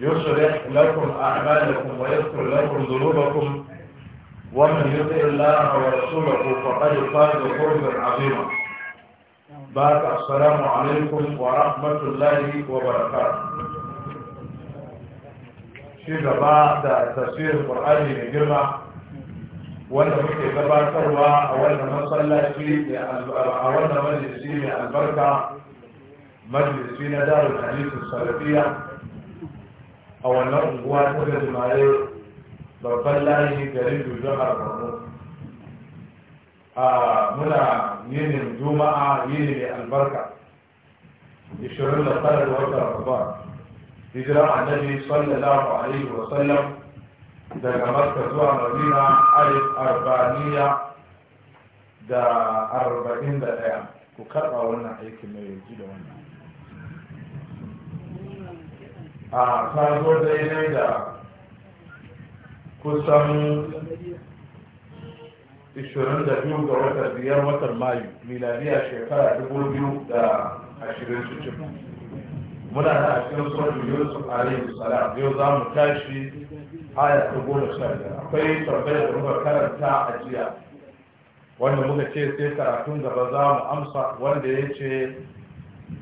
يصلح لكم أعمالكم ويذكر لكم ذنوبكم ومن يطع الله ورسوله فقد فاز فوزا عظيما بعد السلام عليكم ورحمة الله وبركاته في جماعة تفسير القرآن من وانا مكي جماعة تروى أولا مصلى في أولا مجلس من البركة مجلس مجلسين دار الحديث السلفية a wannan unguwa ta da jimare babban layi garin dujon harkarmu a muna yinin juma'a yini mai albarka 29 da watan rabar hijira annabi sallallahu alaihi wa sallam daga makka zuwa madina alif arbaniya da arba'in da ɗaya ku karɓa wannan aikin mai ji da wannan a ta zo daidai da kusan 22 ga watan biyar watan mayu miladiya shekara 2020 muna na cikin sauran yusuf alayhi salam yau za mu tashi aya ta goma sha akwai tambayar da muka karanta a jiya wanda muka ce sai karatun gaba za mu amsa wanda ya ce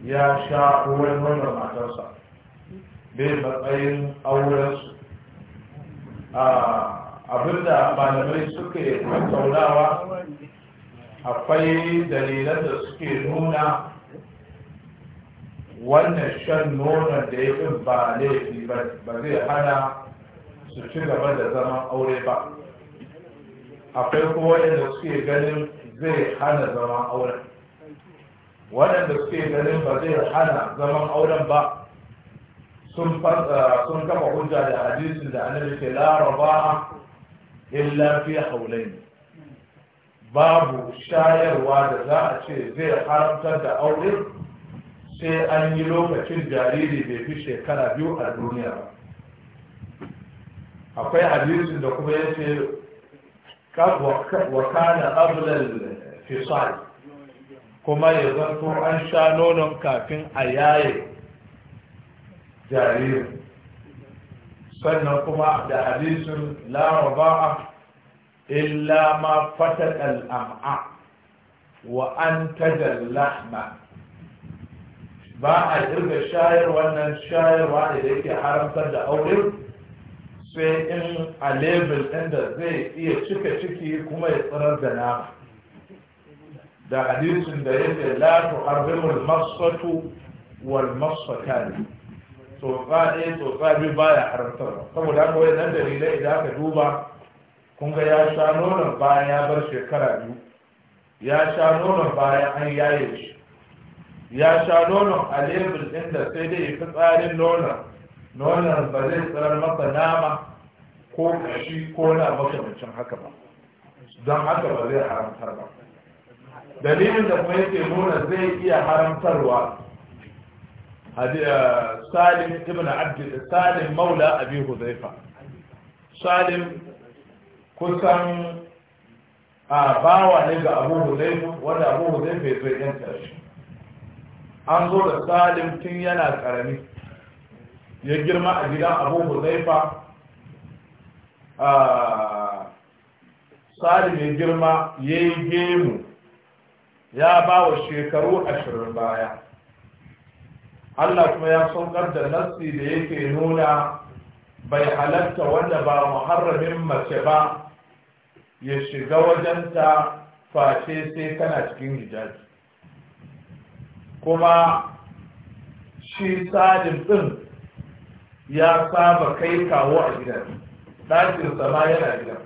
ya sha wani wannan matarsa bai matsayin aurensu abinda malamai suke tattaunawa akwai dalilan da suke nuna wannan shan nonon da ya fi ba laifi ba zai hana su ci gaba da zaman aure ba akwai kuma waɗanda suke ganin zai hana zaman auren waɗanda suke ganin ba zai hana zaman auren ba sun sun kafa hujja da hadisin da annabi ke la raba'a illa fi haulain babu shayarwa da za a ce zai haramtar da aure sai an yi lokacin jariri bai fi shekara biyu a duniya ba akwai hadisin da kuma yace wa kana ablal fisal kuma ya zanto an sha nonon kafin a yaye jariri sannan kuma da hadisun laraba'a illa ma fatat al'am'a wa an tajar lahma ba a irga shayar wannan shayarwa ne da yake haramtar da aure sai in a lebel ɗin da zai iya cika ciki kuma ya tsirar da nama da hadisin da yake la tuharrimul masfatu wal masfatani tsofa ɗaya tsotsa biyu baya haramtarwa saboda haka wani nan dalilai idan aka duba kun ga ya sha nonon bayan ya bar shekara biyu ya sha nonon bayan an yaye shi ya sha nonon a lebur ɗin da sai dai fi tsarin nonon nonon ba zai tsirar masa nama ko kashi ko na makamancin haka ba don haka ba zai haramtar ba dalilin da kuma yake nuna zai iya haramtarwa Eh, salim ibn abd salim maula abi huzaifa salim kusan a bawa ne ga abu huzaifa wanda abu huzaifa ya zai yanta shi an zo da salim tun yana karami ya girma a gidan abu huzaifa salim ya girma ya yi gemu ya ba wa shekaru ashirin baya Allah kuma ya saukar da nassi da yake nuna bai halatta wanda ba muharramin mace ba ya shiga wajenta face sai kana cikin hijabi kuma shi sadin din ya saba kai kawo a gidan ɗakin zama yana gidan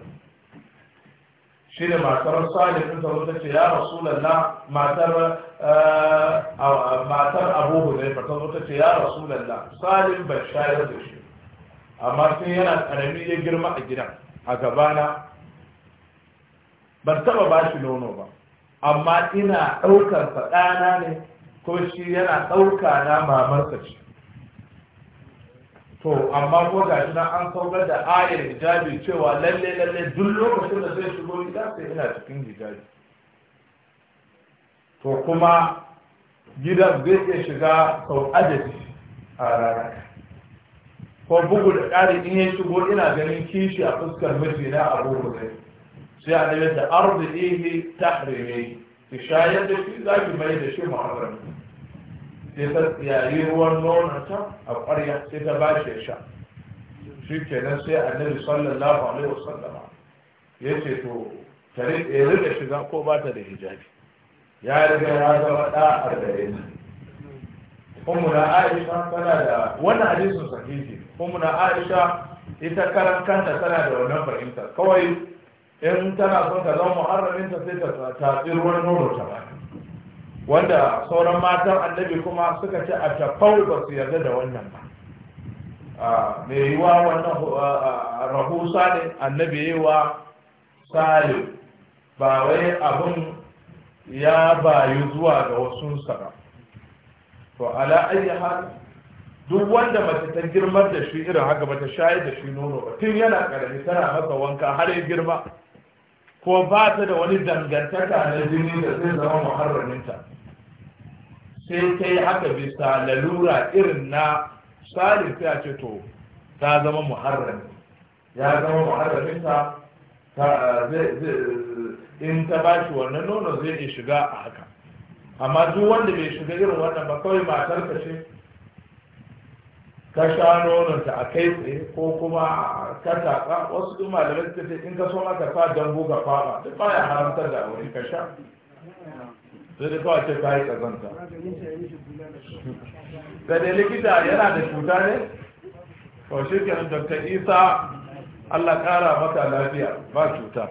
shi da matar sadin din ta ce ya rasulallah matar matar abu huzaifa ta zo ta ce ya rasu lalla, salim ban shayar da shi amma sun yana karami ya girma a gida, a gabana ban taba ba shi nono ba amma ina ɗaukar faɗana ne ko shi yana ɗauka na mamarsa ce to amma ko ga shi na an saukar da ayar hijabi cewa lalle lalle duk lokacin da zai shigo gida sai ina cikin hijabi to kuma gidan zai iya shiga sau adadi a rana ko bugu da ƙari in ya shigo ina ganin kishi a fuskar mijina na abubu ne sai a ɗaya da arziki tahrimi ki shayar da shi za ki mai da shi muharram sai ta tsiyayi ruwan ta a ƙwarya sai ta ba shi sha shi kenan sai a annabi sallallahu alaihi sallama. ya ce to ɗaya rike shiga ko ba ta da hijabi ya riga ya zama ɗa'ar da gare su aisha tana da wannan hadisin sahihi na aisha ita karan kanta tana da wannan fahimta kawai in tana son ta zama muharramin ta sai ta tatsi ruwan nono ta ba wanda sauran matan annabi kuma suka ce a tafau ba su yarda da wannan ba mai yiwa wannan rahusa ne annabi yi wa salim ba wai abin ya bayu zuwa ga wasunsa ba to ala ayi hal duk wanda mace ta girmar da shi irin haka ba ta shayar da shi nono ba tun yana karami tana masa wanka har ya girma ko ba ta da wani dangantaka na jini da zai zama muharraminta sai ta yi haka bisa lalura irin na Salisu ya ce to ta zama muharrami ya zama muharraminta in ta ba shi wannan nono zai iya shiga a haka amma duk wanda bai shiga irin wannan ba kawai matar ka ce ka sha ta a kai tsaye ko kuma ka taɓa wasu duk malamai suka ce in ka so maka fa dambu ka fama? duk ba ya haramtar da aure ka sha sai dai kawai ce ka yi kazanta. da dai likita yana da cuta ne ko shi kenan dr isa Allah kara maka lafiya ba cuta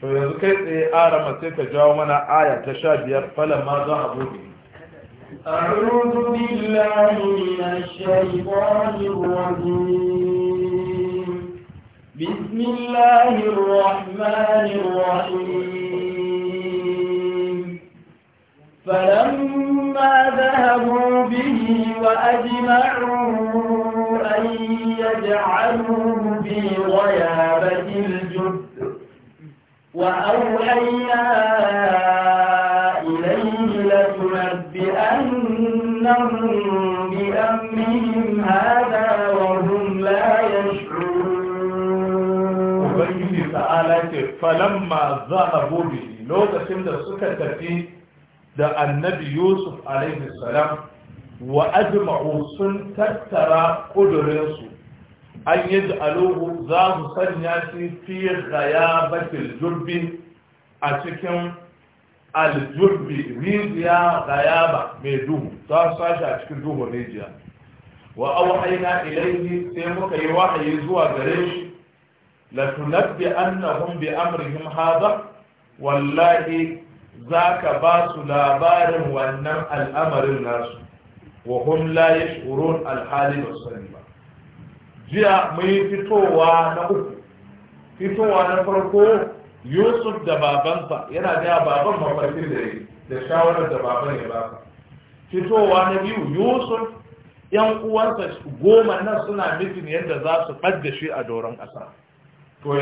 to yanzu kai tsaye arama sai ka jawo mana aya ta sha biyar falon ma za a buɗe أعوذ بالله من الشيطان الرجيم بسم الله الرحمن الرحيم فلما ذهبوا به وأجمعوا أن في غيابة الجد وأوحينا إليه لتنبئنهم بأمرهم هذا وهم لا يشعرون تعالى فلما ذهبوا به لو تسمى سكة da annabi yusuf alaihi salam wa ajma'u sun tattara kudurinsu an yi aluhu za su sanya shi fi ghayabatil jurbi a cikin aljurbi rijiya gayaba mai duhu za su sashi a cikin duhun rijiya wa auhayna ilayhi sai muka yi wahayi zuwa gare shi la tunabbi annahum bi amrihim hadha wallahi zaka ba su labarin wannan al'amarin nasu wa hum la yashurun alhali ba sani ba jiya mai fitowa na uku fitowa na farko yusuf da babansa yana gaya baban mafarkin da yake da shawarar da baban ya ba fitowa na biyu yusuf yan uwansa goma nan suna mitin yadda za su fadda shi a doron ƙasa to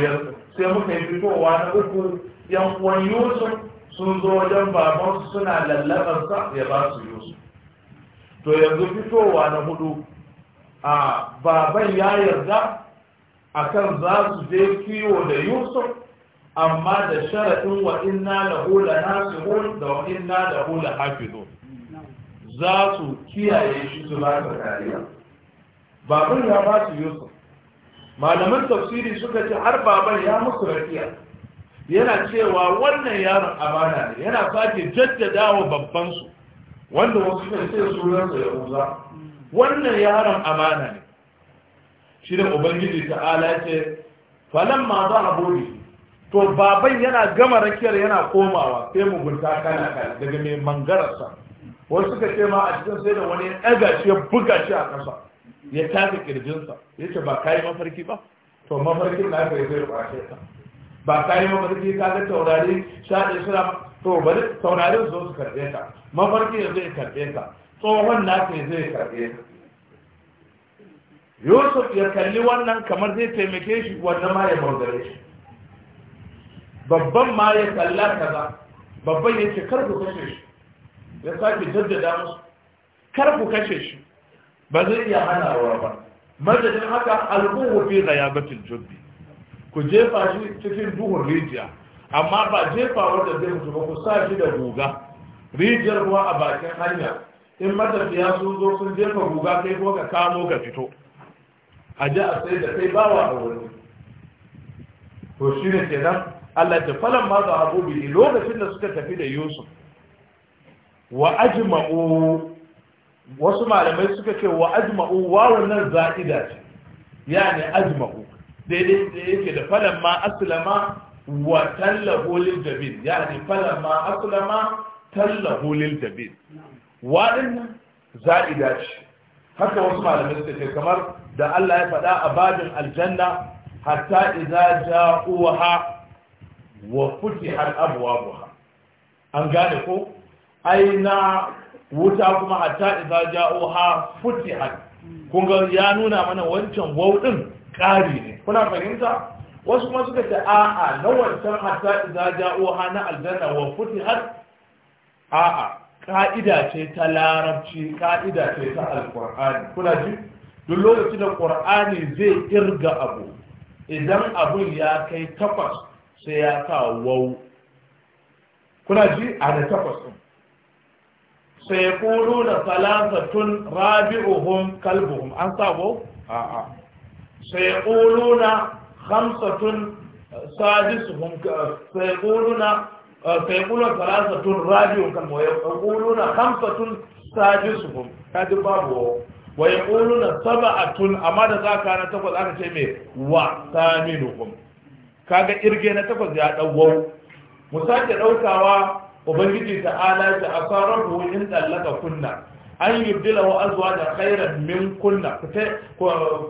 sai muka yi fitowa na uku yan uwan yusuf sun zo wajen babansu suna sa ya ba su yusuf to yanzu fitowa na hudu a baban ya yarda akan za su je kiwo da yusuf amma da sharaɗin wa inna na lanasihun da wa inna hafi lahafizun za su kiyaye shi su ba su kariya baban ya ba su yusuf Malamin tafsiri suka ce har baban ya musu rafiya yana cewa wannan yaron amana ne yana sake jaddadawa babbansu wanda wasu ne sai sunansa ya uza wannan yaron amana ne shi da ubangiji ta'ala ce falan ma za a bobi to baban yana gama rakiyar yana komawa sai mugunta kana kana daga mai mangararsa wasu suka ce ma a cikin sai da wani ɗaga shi ya buga shi a ƙasa ya tafi kirjinsa ya ce ba ka yi mafarki ba to mafarkin na ka yi zai kwashe ka ba ka yi mafarki ka ga taurari sha ɗaya suna to bari taurari zo su karɓe ka mafarki ya zai karɓe ka tsohon na ke zai karɓe ka yusuf ya kalli wannan kamar zai taimake shi wannan ma ya maudare shi babban ma ya kalla kaza babban ya ce kar ku kashe shi ya sake jaddada musu kar ku kashe shi ba zai iya hana ba madadin haka al'ubu fi batun jubbi ku jefa shi cikin duhun rijiya amma ba jefa wanda zai mutu ba ku sa shi da guga rijiyar ruwa a bakin hanya in matafiya sun zo sun jefa guga kai ko ka kamo ka fito a ji a sai da kai bawa a wani to shi ne kenan Allah ta falan ma za a lokacin da suka tafi da Yusuf wa ajma'u wasu malamai suka ce wa ajma'u wawun nan za'ida ce yani ajma'u daidai da yake da falon ma aslama wa tallahu lil jabin yani falamma aslama tallahu lil jabin waɗannan za'ida ce haka wasu malamai suka ce kamar da Allah ya faɗa a babin aljanna hatta iza, idza ja'uha wa abuwa, buha. an gane ko aina wuta kuma hatta iza, idza ja'uha futihat kun ga ya nuna mana wancan wau din ƙari ne kuna fahimta wasu kuma suka ce a'a na wancan hatta idza ja'uha na aljanna wa a a'a ka'ida ce ta larabci ka'ida ce ta alqur'ani kuna ji duk lokacin da qur'ani zai irga abu idan abun ya kai takwas sai ya sa wau kuna ji a da takwas din sai da salatatun rabi'uhum kalbuhum an sa wau a'a سيقولون خمسة سادسهم سيقولون سيقولون ثلاثة رابعهم ويقولون خمسة سادسهم هذا بابه ويقولون سبعة أما ذاك كان تقول أنا شيء وثامنهم kaga irge تقول takwas ya مساجد أو sake daukawa تعالى تأثاره ta asarahu كنا an dila wa azuwa da khairan min kunna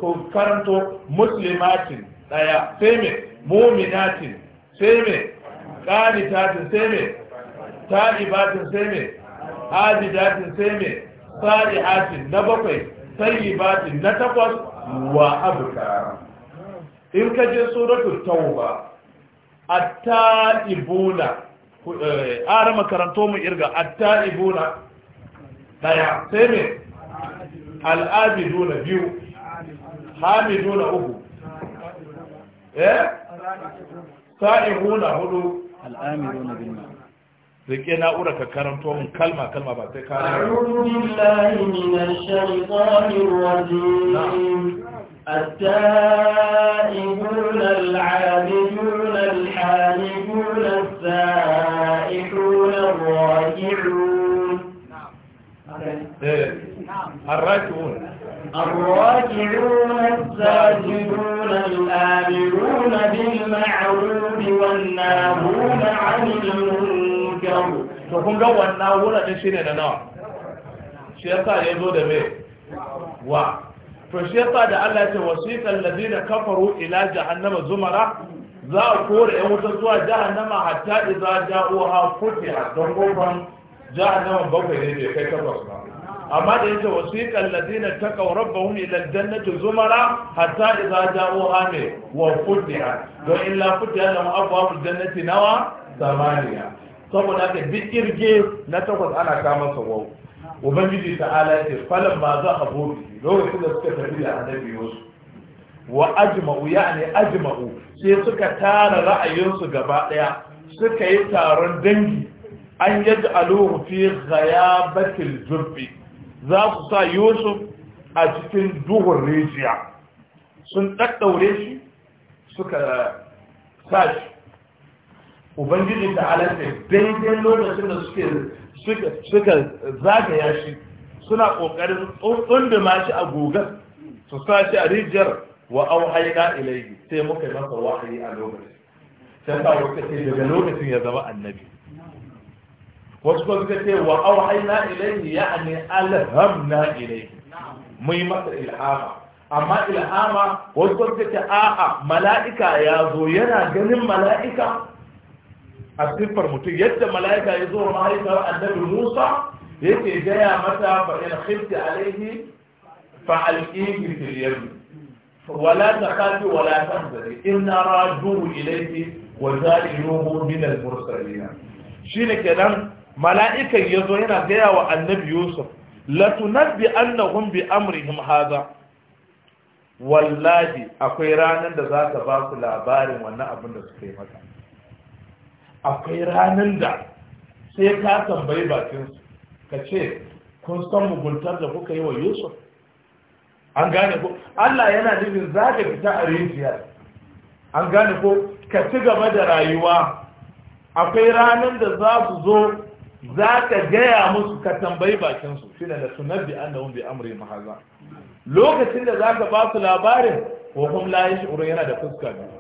ku karanto muslimatin daya sai mai mu'minatin sai mai qanitatin sai mai ta'ibatin sai mai abidatin sai me salihatin na bakwai sayyibatin na takwas wa abkara in ka je suratul tauba at-ta'ibuna eh, ara makaranto mu irga ta taibuna فيعتمد الاب دون جو حامي دون ابو ايه سائغون هدو الامرون بالماء لكن اقول لك كرم توم كلمه كلمه بعد اعوذ بالله من الشيطان الرجيم نعم. التائبون العابدون الحالفون السائحون الراجعون إيه. الراجعون الراجعون الساجدون الآمرون بالمعروف والناهون عن المنكر فكون جو والناهون تشيني لنا شيطا يزو دمي و فشيطا دا الله توسيق الذين كفروا إلى جهنم زمرة za a kore 'yan wuta zuwa jahannama hatta iza ja'uha futiha don jahannama bakwai ne bai kai takwas ba amma da yake wasiqal ladina taqaw rabbahum ila aljannati zumara hatta idza ja'uha me wa futiha don illa futiha lahum abwabul jannati nawa samaniya saboda ka bi irge na takwas ana kama sa wau ubangiji ta'ala ya ce falan ma za a bobi lokacin da suka tafi da annabi wasu wa ajma'u yani ajma'u sai suka tara ra'ayinsu gaba daya suka yi taron dangi an yaj'aluhu fi ghayabatil jubbi za su sa yusuf a cikin duhun rijiya sun daddaure shi suka sa shi ubangiji ta halatta daidai lokacin da suke suka zagaya shi suna ƙoƙarin tsunduma mashi a gugan su sa shi a rijiyar wa auhaina ilayhi sai muka yi masa wahayi a lokacin sai ta wuce daga lokacin ya zama annabi واسكو بكتير وأوحينا إليه يعني ألهمنا إليه نعم. مهمة الإلهام أما الإلهام واسكو بكتير آه،, آه ملائكة يا زوينا جنب ملائكة أكبر متي ملائكة يزور ملائكة النبي موسى يك جاي متى فإن خفت عليه فعلقيه في اليم ولا تخاف ولا تحزن إن راجو إليه وجاء من المرسلين شنو كده mala'ikan ya zo yana gaya wa annabi yusuf latunabbi annahum bi amrihim hadha wallahi akwai ranar da za ba su labarin wannan abin da suka yi maka akwai ranar da sai ka tambayi bakinsu ka ce kun san muguntar da kuka yi wa yusuf an gane ko allah yana nufin za ka fita a rijiya an gane ko ka ci gaba da rayuwa akwai ranar da za su zo za ka gaya musu ka tambayi bakinsu shi da su nabi an da bi amri mahaza lokacin da za ka ba su labarin wa kuma layin shi'urun yana da fuska biyu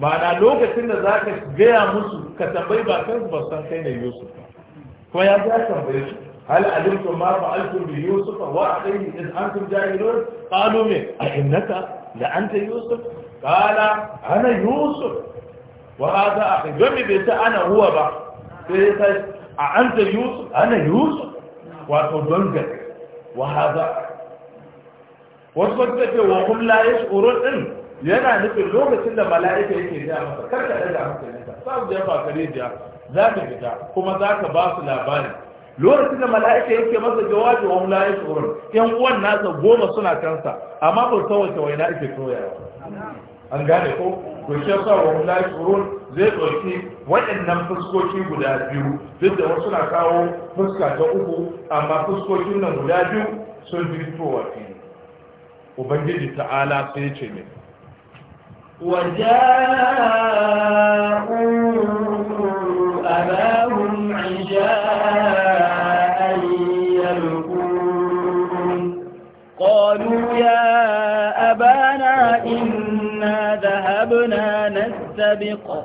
ma'ana lokacin da za ka gaya musu ka tambayi bakinsu ba san kai ne yusuf kuma ya za tambaye su hal alimtum ma fa'altum bi yusuf wa alayhi in antum jahilun qalu me a innaka la anta yusuf qala ana yusuf wa hadha akhi don me bai ta ana huwa ba sai a an da yusuf ana yusuf wato don gari wa haza wasu wata ce wa kun laye tsoron ɗin yana nufin lokacin da mala'ika yake ne masa karka da masa yanka sabu da ya fakare da za ka fita kuma za ka ba su labari lokacin da mala'ika yake masa jawabi wa mula ya tsoron yan uwan nasa goma suna kansa amma ba san wace waina ake toyawa an gane ko to shi yasa wa hum zai ɗauki waɗannan fuskoki guda biyu duk da wasu na kawo fuska ta uku amma fuskokin nan guda biyu sun fi fitowa fili ubangiji ta'ala sai ce ne وجاء نستبق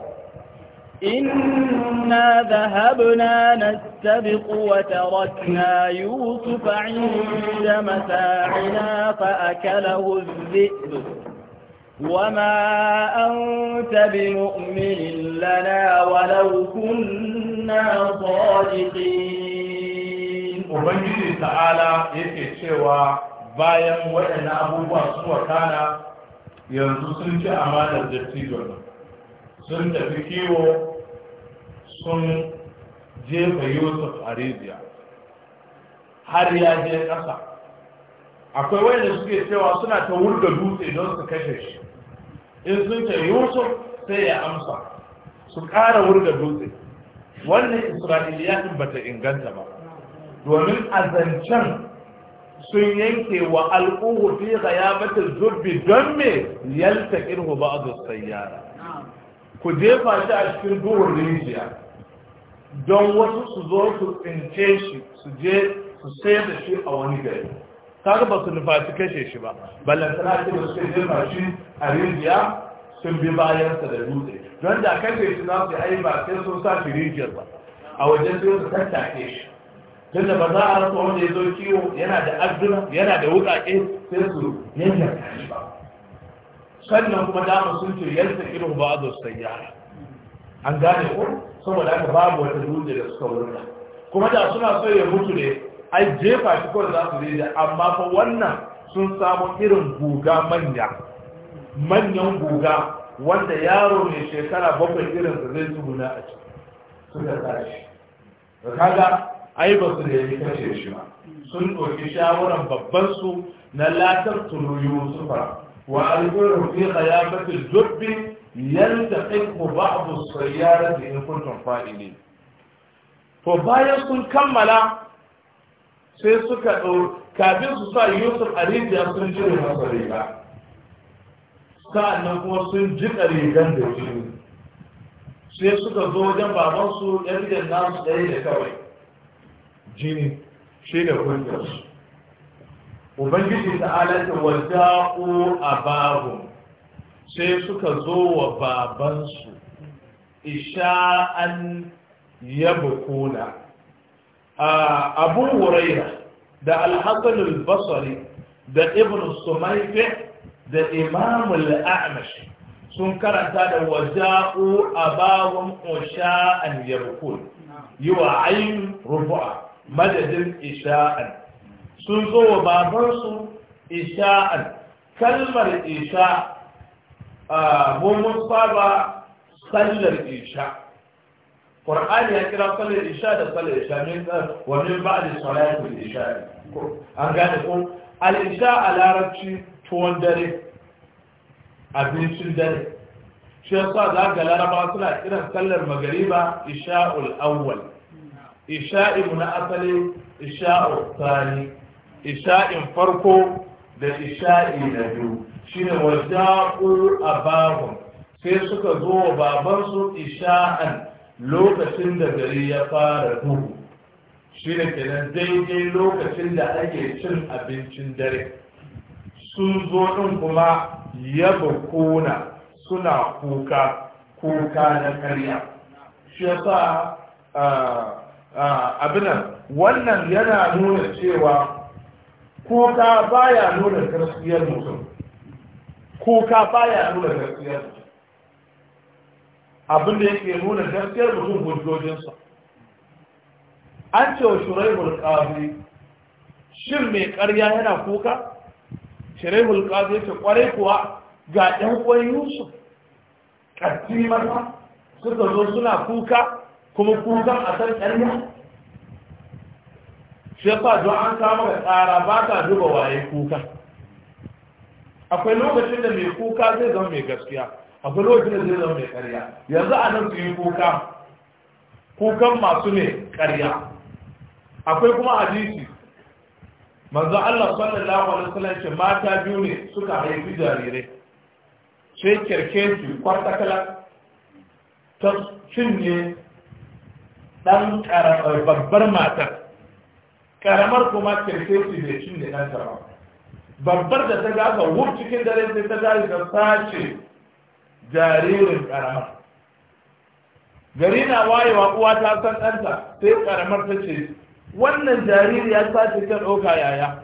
إنا ذهبنا نستبق وتركنا يوسف عند متاعنا فأكله الذئب وما أنت بمؤمن لنا ولو كنا صادقين وبنجي تعالى يكي سوى bayan waɗannan abubuwa su wakana yanzu sun ci amanar dattijon sun tafi kiwo sun jefa yusuf a rijiya har ya je ƙasa akwai wanda suke cewa suna ta wurga dutse don su kashe shi in sun ce yusuf sai ya amsa su ƙara wurga dutse wannan isra'iliyatin ba ta inganta ba domin a zancen sun yanke wa al'uhu fi bata zubi don me yalta irhu ba as-sayyara ku jefa shi a cikin duhun rijiya don wasu su zo su ince shi su je su sai da shi a wani gari kaga ba su nufaci kashe shi ba tana ce da suka jefa shi a rijiya sun bi bayansa da dutse don da kashe shi za su yi ba sai sun sa shi rijiyar ba a wajen sai su tattake shi tun da ba za a rasa wanda ya zo kiwo yana da arzuna yana da wuƙaƙe sai su yanyanka shi ba sannan kuma dama sun ce yanzu irin ba a zosai yara an gane ko saboda haka babu wata dutse da suka wurga kuma da suna so ya mutu ne ai jefa shi kawai za su daidai amma fa wannan sun samu irin guga manya manyan guga wanda yaro ne shekara bakwai irin da zai tsuguna a ciki suka tashi da kaga ai ba su da yi kashe shi ba sun ɗauki shawaran babban su na latar su yusufa وأرجله في خيامة الجب يلتقطه بعض السيارة إن كنتم فائلين فبايا sun kammala sai suka kafin su sa Yusuf a rijiya sun jire masa riga sa'annan kuma sun jika rigan da jini sai suka zo wajen babansu ɗan gidan nasu ɗaya da kawai jini shi ne hujjarsu ubangiji ta alata wa da'u sai suka zo wa babansu isha'an yabkuna abu huraira da alhassan al-basri da ibn sumayfi da imam al sun karanta da waja'u abawun usha'an yabkun yi wa ayin rubu'a madadin isha'an sun zo wa babansu isha'an kalmar isha a mun saba sallar isha ƙwar'ani ya kira sallar isha da sallar isha min wani ba da salatul isha ne? an gane ko Al'isha a larabci tuwon dare abincin dare shi ya sa za ga laraba suna kiran sallar magariba isha'ul awwal isha'i na asali isha'ul tsari isha'in farko da isha'i na biyu Shi ne shine a babu sai suka zo wa babansu isha'an lokacin da gari ya fara duhu shi ne kenan daidai lokacin da ake cin abincin dare sun zo ɗin kuma ya kona suna kuka kuka na karya shi sa ah, ah, abinan wannan yana nuna cewa kuka baya nuna gaskiyar mutum kuka baya nuna gaskiyar abin da yake nuna gaskiyar mutum hujjojinsa an ce wa shuraihul qazi shin mai ƙarya yana kuka shuraihul qazi yake kwarai kuwa ga ɗan uwan yusuf ƙarfi suka zo suna kuka kuma kukan a san ƙarya shi yasa don an kama ga tsara ba ta duba waye kuka akwai lokacin da mai kuka zai zama mai gaskiya akwai lokacin da zai zama mai karya yanzu a nan su yi kuka kukan masu ne karya akwai kuma hadisi manzo Allah sallallahu alaihi wasallam ce mata biyu ne suka haifi jarirai sai kirke su kala ta cinye dan babbar matar karamar kuma kirkir su da cin da ɗanta ba babbar da ta gafa wuf cikin dare sai ta gari ta sace jaririn karamar gari na wayewa uwa ta san ɗanta sai karamar ta ce wannan jariri ya sace ta ɗauka yaya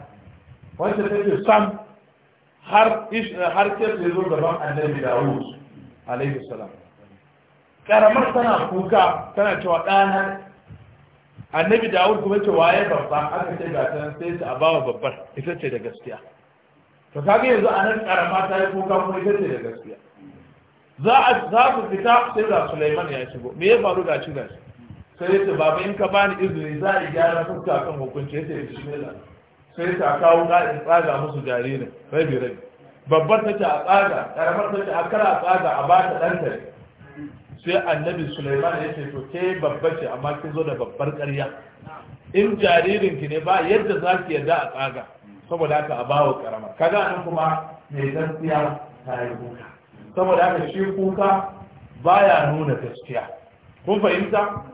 wacce ta ce sam har har kirfe zo gaban annabi dawud alaihi salam karamar tana kuka tana cewa ɗana annabi dawud kuma ce waye babba aka ce ga tan sai ta abawa babbar ita ce da gaskiya to kaga yanzu a nan karama ta yi kuka kuma ita ce da gaskiya za a za ku fita sai ga Sulaiman ya shigo me ya faru ga cikin shi sai ya ce baba in ka bani izini za a gyara fuska kan hukunci ya ce bismillah sai ta kawo ga in tsaga musu jaririn rabi rabi babbar ta ce a tsaga karamar ta ce a kara tsaga a ba ta dantare. sai annabi Suleiman ya ce to ke babba ce amma kin zo da babbar ƙarya in jaririn ki ne ba yadda za ki yarda a tsaga saboda haka a bawa karama kaga nan kuma mai gaskiya ta yi kuka saboda haka shi kuka baya nuna gaskiya kun fahimta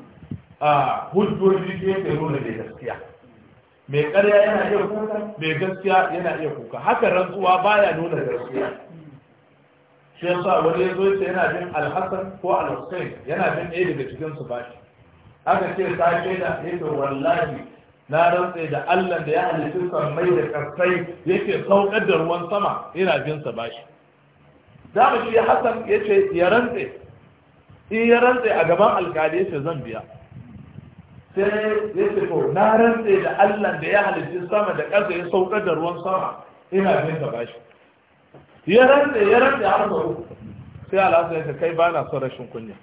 a hujjoji ke ke nuna mai gaskiya mai ƙarya yana iya kuka mai gaskiya yana iya kuka haka rantsuwa baya nuna gaskiya shi ya sa wani ya zo ya ce yana bin alhassan ko alhussein yana bin ɗaya daga cikin su bashi aka ce ta ce da yake wallahi na rantse da allah da ya halittu mai da kasai yake saukar da ruwan sama ina bin sa bashi da mu shi hassan ya ce ya rantse in ya rantse a gaban alkali ya ce zan biya sai ya ce to na rantse da allah da ya halittu sama da ƙasa ya saukar da ruwan sama ina bin sa bashi ya rantse ya rantse sai alhassan ya kai ba na son rashin kunya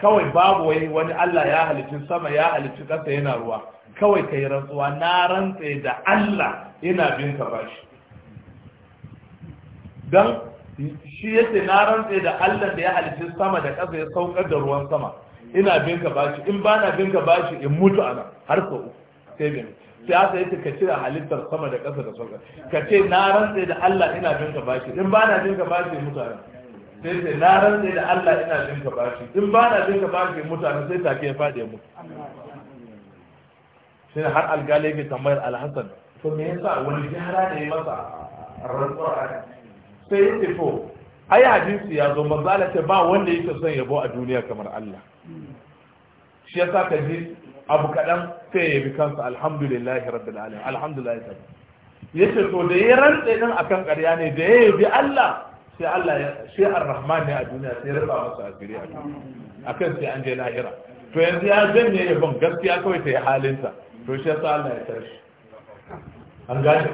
kawai babu wai wani Allah ya halicci sama ya halicci ƙasa yana ruwa kawai ka yi rantsuwa na rantse da Allah ina bin ka bashi don shi yace na rantse da Allah da ya halicci sama da ƙasa ya saukar da ruwan sama ina bin ka bashi in ba na bin ka bashi in mutu ana har sau sai bin siyasa yake ka cire halittar sama da ƙasa da sauka ka ce na rantse da Allah ina bin ka bashi in ba na bin ka bashi mutane sai ce na rantse da Allah ina bin ka bashi in ba na bin ka bashi mutane sai take ya faɗi mu sai har alƙali ke tambayar alhassan to me yasa wani gyara ne masa rantsuwar sai yake to ai hadisi ya zo manzo Allah ce ba wanda yake son yabo a duniya kamar Allah shi yasa ka ji abu kaɗan sai ya yabi kansa alhamdulillah rabbil alamin alhamdulillah ya ce to da ya rantse din akan ƙarya ne da ya yabi Allah sai Allah ya sai ar-rahman ne a duniya sai ya raba masa asiri a duniya akan sai an je lahira to yanzu ya janye yabon gaskiya kawai ta yi halinsa to shi yasa Allah ya tashi an gane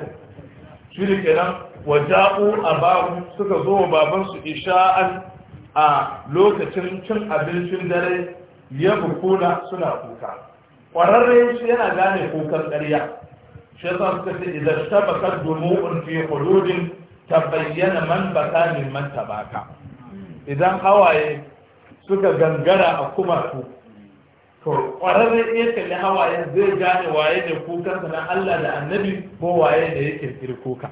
shi ne kenan waja'u abahum suka zo wa babansu isha'an a lokacin cin abincin dare ya kuna suna kuka ƙwararre shi yana gane kukan ƙarya shi yasa suka ce idan shabaka dumu'un fi ta bayyana man baka min man baka idan hawaye suka gangara a ku to ƙwararre iya kalli hawaye zai gane waye ne kukan na Allah da annabi ko waye da ya kiri kuka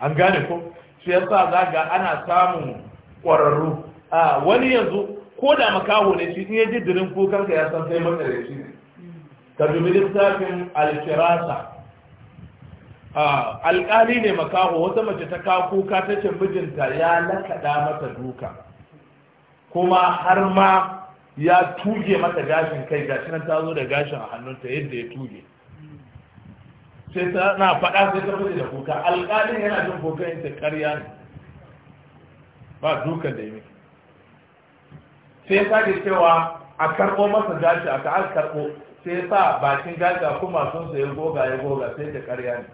an gane ko shi yasa za ga ana samun ƙwararru a wani yanzu ko da makaho ne shi in ya ji dirin kukanka ya san sai matsalaci ne ka dubi littafin alkirasa ah, alƙali ne makaho wata mace ta kawo kuka ta ce mijinta ya lakaɗa mata duka kuma har ma ya tuge mata gashin kai gashi nan ta zo da gashin a hannunta yadda ya tuge sai ta na faɗa sai ta fice da kuka alƙalin yana jin kuka yin ta ƙarya ne ba dukan da yi sai ta ke cewa a karɓo masa gashi a ka'ar karɓo sai sa bakin gaga kuma sun sa ya goga ya goga sai ta karya ne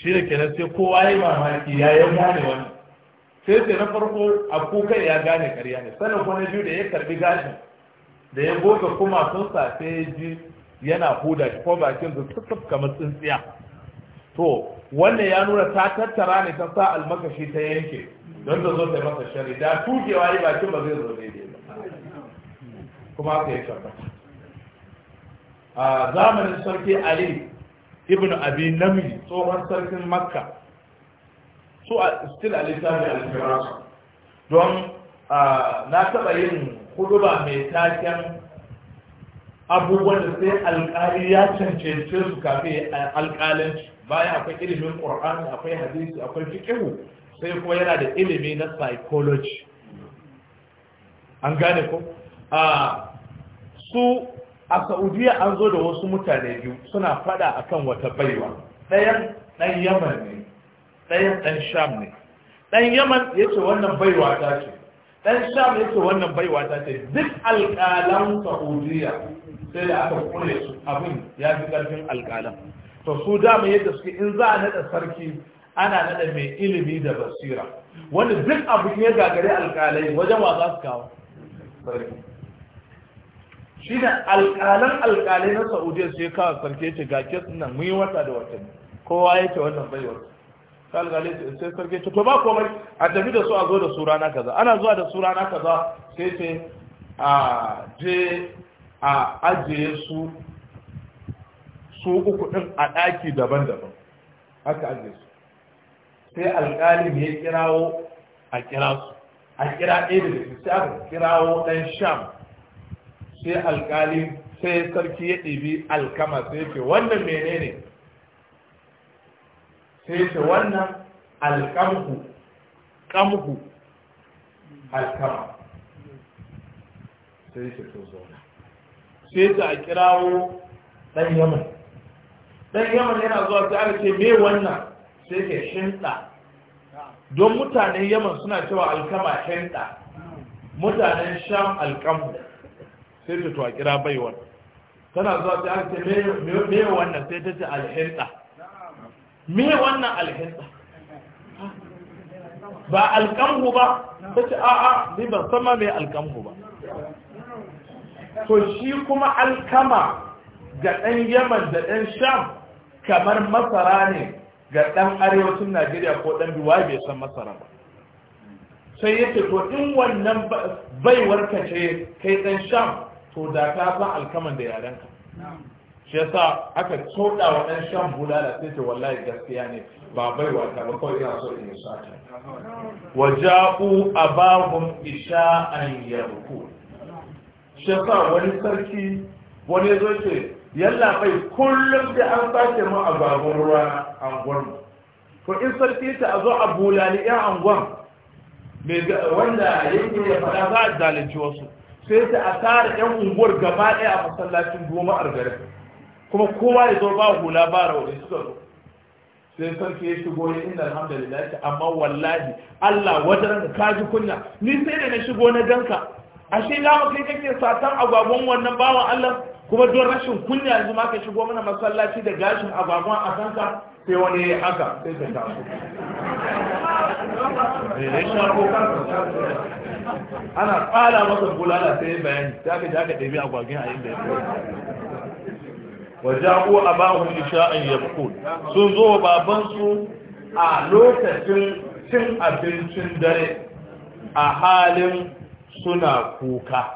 shi da kenan sai kowa ya mamaki ya yi gane wani sai sai na farko a kuka ya gane karya ne sannan kuma na biyu da ya karbi gashin da ya goga kuma sun sa sai ya ji yana huda shi ko bakin su tutup kamar tsintsiya to wannan ya nuna ta tattara ne ta sa almakashi ta yanke don ta zo ta masa shari da tukewa yi bakin ba zai zo daidai kuma aka yi tabbata a zamanin sarki ali ibn abi namil tsohon sarkin makka su a still a littafi al don na taɓa yin huduba mai taken abubuwan da sai alƙali ya cancance su kafin alƙalanci bayan akwai ilimin ƙur'ani akwai hadisi akwai fikihu sai kuma yana da ilimi na psychology an gane ko su a saudiya an zo da wasu mutane biyu suna fada akan wata baiwa ɗayan ɗan yaman ne ɗayan ɗan sham ne ɗan yaman ya ce wannan baiwa ta ce ɗan sham ya ce wannan baiwa ta ce duk alƙalan saudiya sai da aka kure su abin ya fi ƙarfin alƙalan to su dama yadda suke in za a naɗa sarki ana naɗa mai ilimi da basira wanda duk abin ya gagari alƙalai wajen wa za su kawo sarki shi da alƙalan alƙalai na saudiya sai kawai sarki ce ga ke nan mun yi wata da watanni kowa ya ce wannan baiwar ta alƙalai sai sarki ce to ba komai a tafi da su a zo da su rana kaza ana zuwa da su rana kaza sai ce a je a ajiye su su uku ɗin a ɗaki daban-daban haka ajiye su sai alƙalin ya kirawo a kira su a kira ɗaya da sai aka kirawo ɗan sham sai alkali sai sarki ya ɗibi alkama sai ce wannan menene sai ce wannan alkamhu kamhu alkama sai ce to zauna sai ce a kirawo ɗan yaman ɗan yaman yana zuwa sai ana ce me wannan sai ke shinɗa don mutanen yaman suna cewa alkama shinɗa mutanen sham alkamhu sai ta to kira baiwar tana zuwa ta ce me wannan sai ta ce alhinda me wannan alhinda ba alkamhu ba ta ce a'a ni ba sama mai alkamhu ba to shi kuma alkama ga ɗan yaman da ɗan sham kamar masara ne ga ɗan arewacin najeriya ko ɗan biwa bai san masara ba sai ya ce to in wannan baiwar ka ce kai ɗan sham to da ka san alkaman da yarenka shi yasa aka coda wa ɗan shan bulala sai ce wallahi gaskiya ne ba bai ta ba kawai ina so in yi sata wa ja'u abahum isha'an yarku shi yasa wani sarki wani ya zo ce yalla bai kullum da an sace mu a babun ruwa angon to in sarki ta a zo a bulali yan angon wanda yake ya faɗa za a zalunci wasu sai ta a tara yan unguwar gaba ɗaya a masallacin goma a garin kuma kowa ya zo ba hula ba da suka zo sai sarki ya shigo ya inda alhamdulillah ta amma wallahi Allah wajen ka ji kunya ni sai da na shigo na danka ashe ya mu kai kake satan agwagwan wannan bawan Allah kuma don rashin kunya yanzu ma ka shigo mana masallaci da gashin agwagwan a kanka sai wani ya haka sai ta ana tsara masa bulala sai bayani ta ka aka ɗabi a gwagin a inda ya waja'u abahum isha'an yabkun sun zo wa babansu a lokacin cin abincin dare a halin suna kuka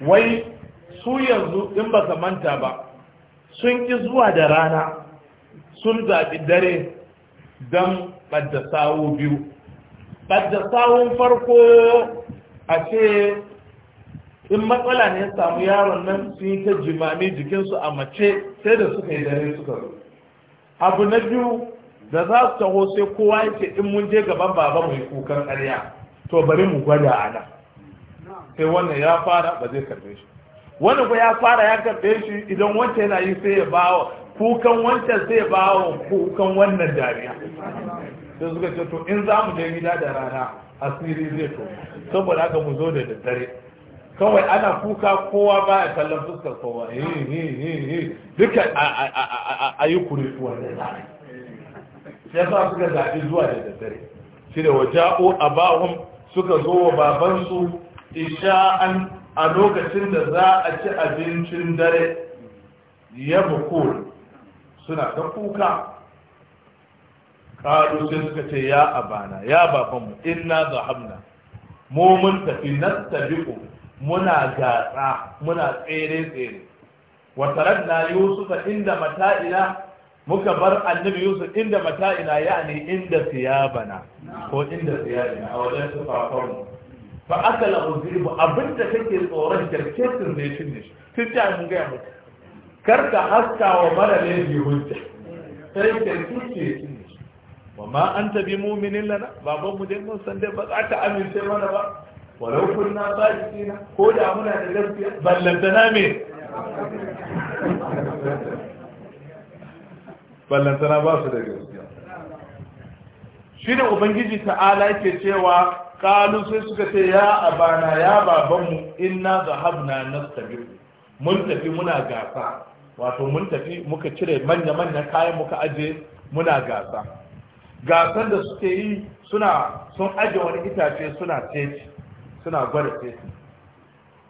wai su yanzu in ba ka manta ba sun ki zuwa da rana sun zaɓi dare don ɓadda sawo biyu ɓadda sawun farko a ce in matsala ne ya samu yaron nan sun yi ta jimami jikinsu a mace sai da suka yi dare suka zo abu na biyu da za su taho sai kowa ya ce in mun je gaban baba mai kukan ƙarya to bari mu gwada a nan sai wannan ya fara ba zai karbe shi wannan ba ya fara ya karbe shi idan wancan yana yi sai ya bawa kukan wancan sai ya bawa kukan wannan dariya sai suka ce to in za mu je gida da rana asiri zai to saboda haka mu zo da daddare kawai ana kuka kowa ba ya kallon fuskar kowa duka a yi kurisuwa da zai ya sa suka zaɓi zuwa da daddare shi da waja'o a suka zo wa babansu isha'an a lokacin da za a ci abincin dare ya bukul suna ta kuka kalu sai suka ce ya abana ya babanmu inna zahabna mu mun tafi nastabiqu muna gatsa muna tsere tsere wa tarakna yusufa inda mata'ina muka bar annabi yusuf inda mata'ina yani inda siyabana ko inda siyabina a wajen tufafanmu fa akala uzribu abinda kake tsoron kirketin ne shi ne shi ta mun ga mu karka haska wa mara ne hujja sai kirkece wa ma anta bi mu'minin lana baban mu dai mun san dai ba za ta amince mana ba walau kunna na ko da muna da lafiya ballantana me ballantana ba su da gaskiya shi ne ubangiji ta'ala yake cewa kalu sai suka ce ya abana ya mu inna zahabna nastabi mun tafi muna gasa wato mun tafi muka cire manya-manya kayan muka aje muna gasa gasar da suke yi suna sun aje wani itace suna teci suna gwada teci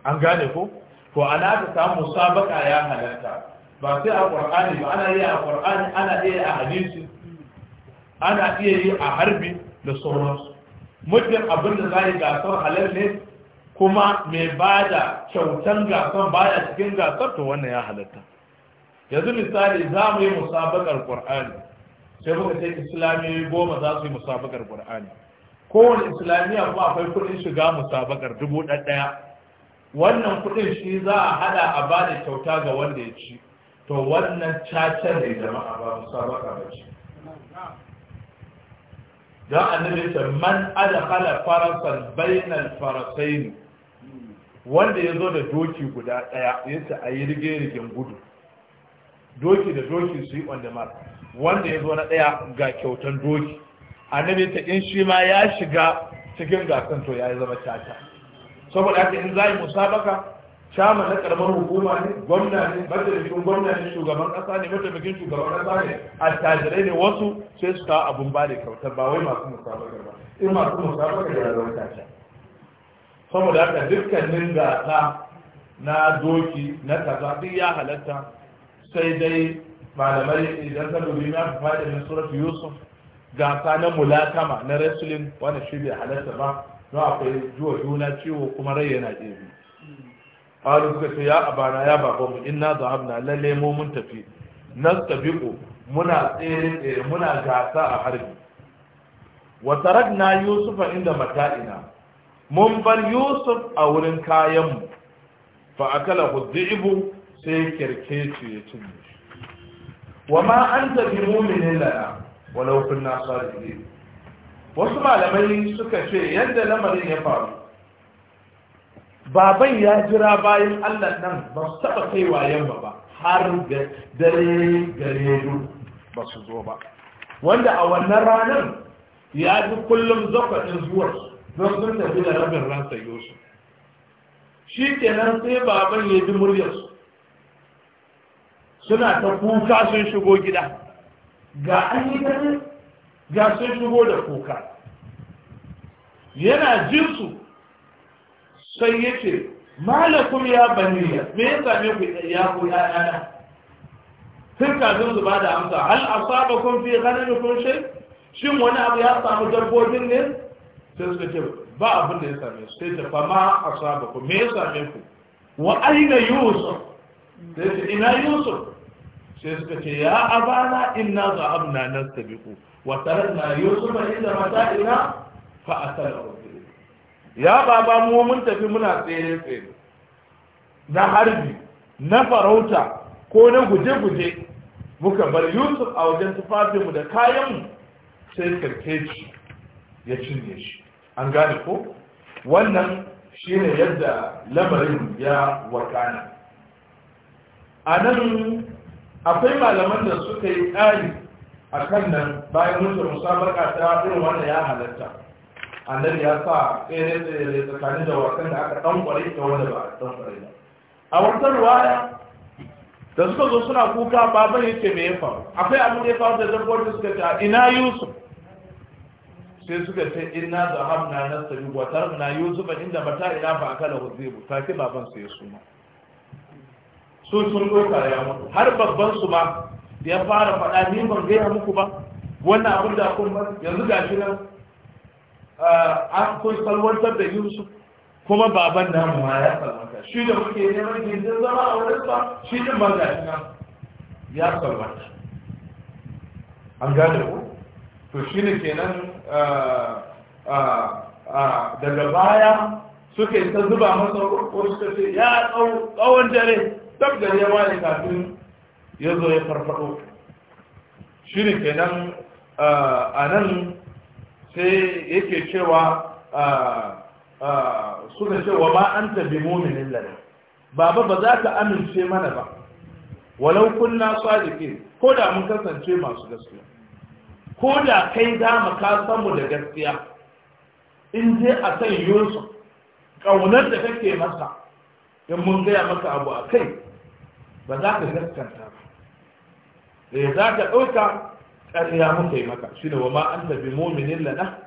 an gane ko to ana ta samu sabaka ya halatta ba sai a qur'ani ba ana iya a qur'ani ana iya a hadisi ana iya yi a harbi da sauransu abinda abin da zai gasar halal ne kuma mai bada kyautan gasar baya cikin gasar to wannan ya halatta yanzu misali za mu yi musabakar qur'ani sai muka sai islamiyoyi goma za su yi musabakar qur'ani kowane islamiyya kuma akwai kuɗin shiga musabakar dubu ɗaya wannan kuɗin shi za a hada a ba da kyauta ga wanda ya ci to wannan cacar da jama'a ba musabaka ba ce don annabi ta man adakala farasan bainal farasaini wanda ya zo da doki guda ɗaya ya ce a yi rige-rigen gudu doki da doki su yi on the wanda ya zo na ɗaya ga kyautan doki annabi ta in shi ma ya shiga cikin gasan to ya zama caca saboda haka in za yi musabaka shama na karamar hukuma ne gwamna ne mataimakin gwamna ne shugaban kasa ne mataimakin shugaban kasa ne attajirai ne wasu sai su kawo abun ba da kyautar ba wai masu musabaka ba in masu musabaka ya zama caca saboda haka dukkanin gasa na doki na kaza duk ya halatta sai dai malamai idan ka dubi na fada na suratu yusuf gasa na mulakama na wrestling wanda shi bai halatta ba na akwai juwa juna ciwo kuma rai yana ɗebi ƙwari suka ce ya abana ya baba mu inna na lalle mu mun tafi na tabiku muna tsere tsere muna gasa a harbi wa na yusufa inda mata'ina mun bar yusuf a wurin kayanmu fa akala ibu sai kirkeci ya cinye shi وما أنت بمؤمن wala ولو كنا صادقين wasu malamai suka ce yadda lamarin ya faru baban ya jira bayan allah nan ba su taba kaiwa yamma ba har dare gare ba su zo ba wanda a wannan ranar ya ji kullum zafadin zuwar don sun tafi da rabin ransa yosu shi kenan sai baban ya ji muryarsu suna ta kuka sun shigo gida ga an yi ganin ga sun shigo da kuka yana jinsu sai ya ce malakun ya baniya me ya same ku ya ku ya'yana sun kafin su ba da amsa hal saba kun fi ganin kun shi shin wani abu ya samu dabbobin ne sai suka ce ba abin da ya same su sai ta fama saba ku me ya same ku wa aina yusuf sai ce ina yusuf sai suka ce ya abana inna zahabna nastabiqu wa tarakna yusufa inda ina fa asala ya baba mu mun tafi muna tsere tsere na harbi na farauta ko na guje-guje muka bar yusuf a wajen mu da kayan mu sai karke shi ya cinye shi an gane ko wannan shine yadda lamarin ya wakana a nan akwai malaman da suka yi ƙari a kan nan bayan mutu musabarka ta irin wanda ya halatta annabi ya sa tsere tsere tsakanin da wasan da aka ɗan ƙwarai ta wanda ba a ɗan ƙwarai ba a wata ruwaya da suka zo suna kuka baban yake me ya faru akwai abin da ya faru da dabbobi suka ce ina yusuf sai suka ce na nasta nastabi wa na yusuf inda mata ina ba a kala akala huzibu take baban su ya suma su sun ɗauka ya mutu har babban su ma ya fara faɗa ni ban gaya muku ba wannan abin da kun bar yanzu ga shi nan an kun salwantar da yusuf kuma baban mu ma ya salwanta shi da muke neman gindin zama a wurin sa shi din ban ga shi nan ya salwanta an gane ku to shi ne kenan daga baya suka yi ta zuba masa wasu ta ce ya tsawon dare dab da ya wani kafin ya zo ya farfado shi ne kenan a nan sai yake cewa suka cewa ba an tabi muminin lana baba ba za ka amince mana ba walau kunna sadiki ko da mun kasance masu gaskiya ko da kai za mu ka samu da gaskiya in je a san yusuf ƙaunar da kake masa in mun gaya maka abu a kai ba za ka gaskanta ba eh za ka ɗauka ƙarya muka yi maka shi ne wa ma an tabi mominin lana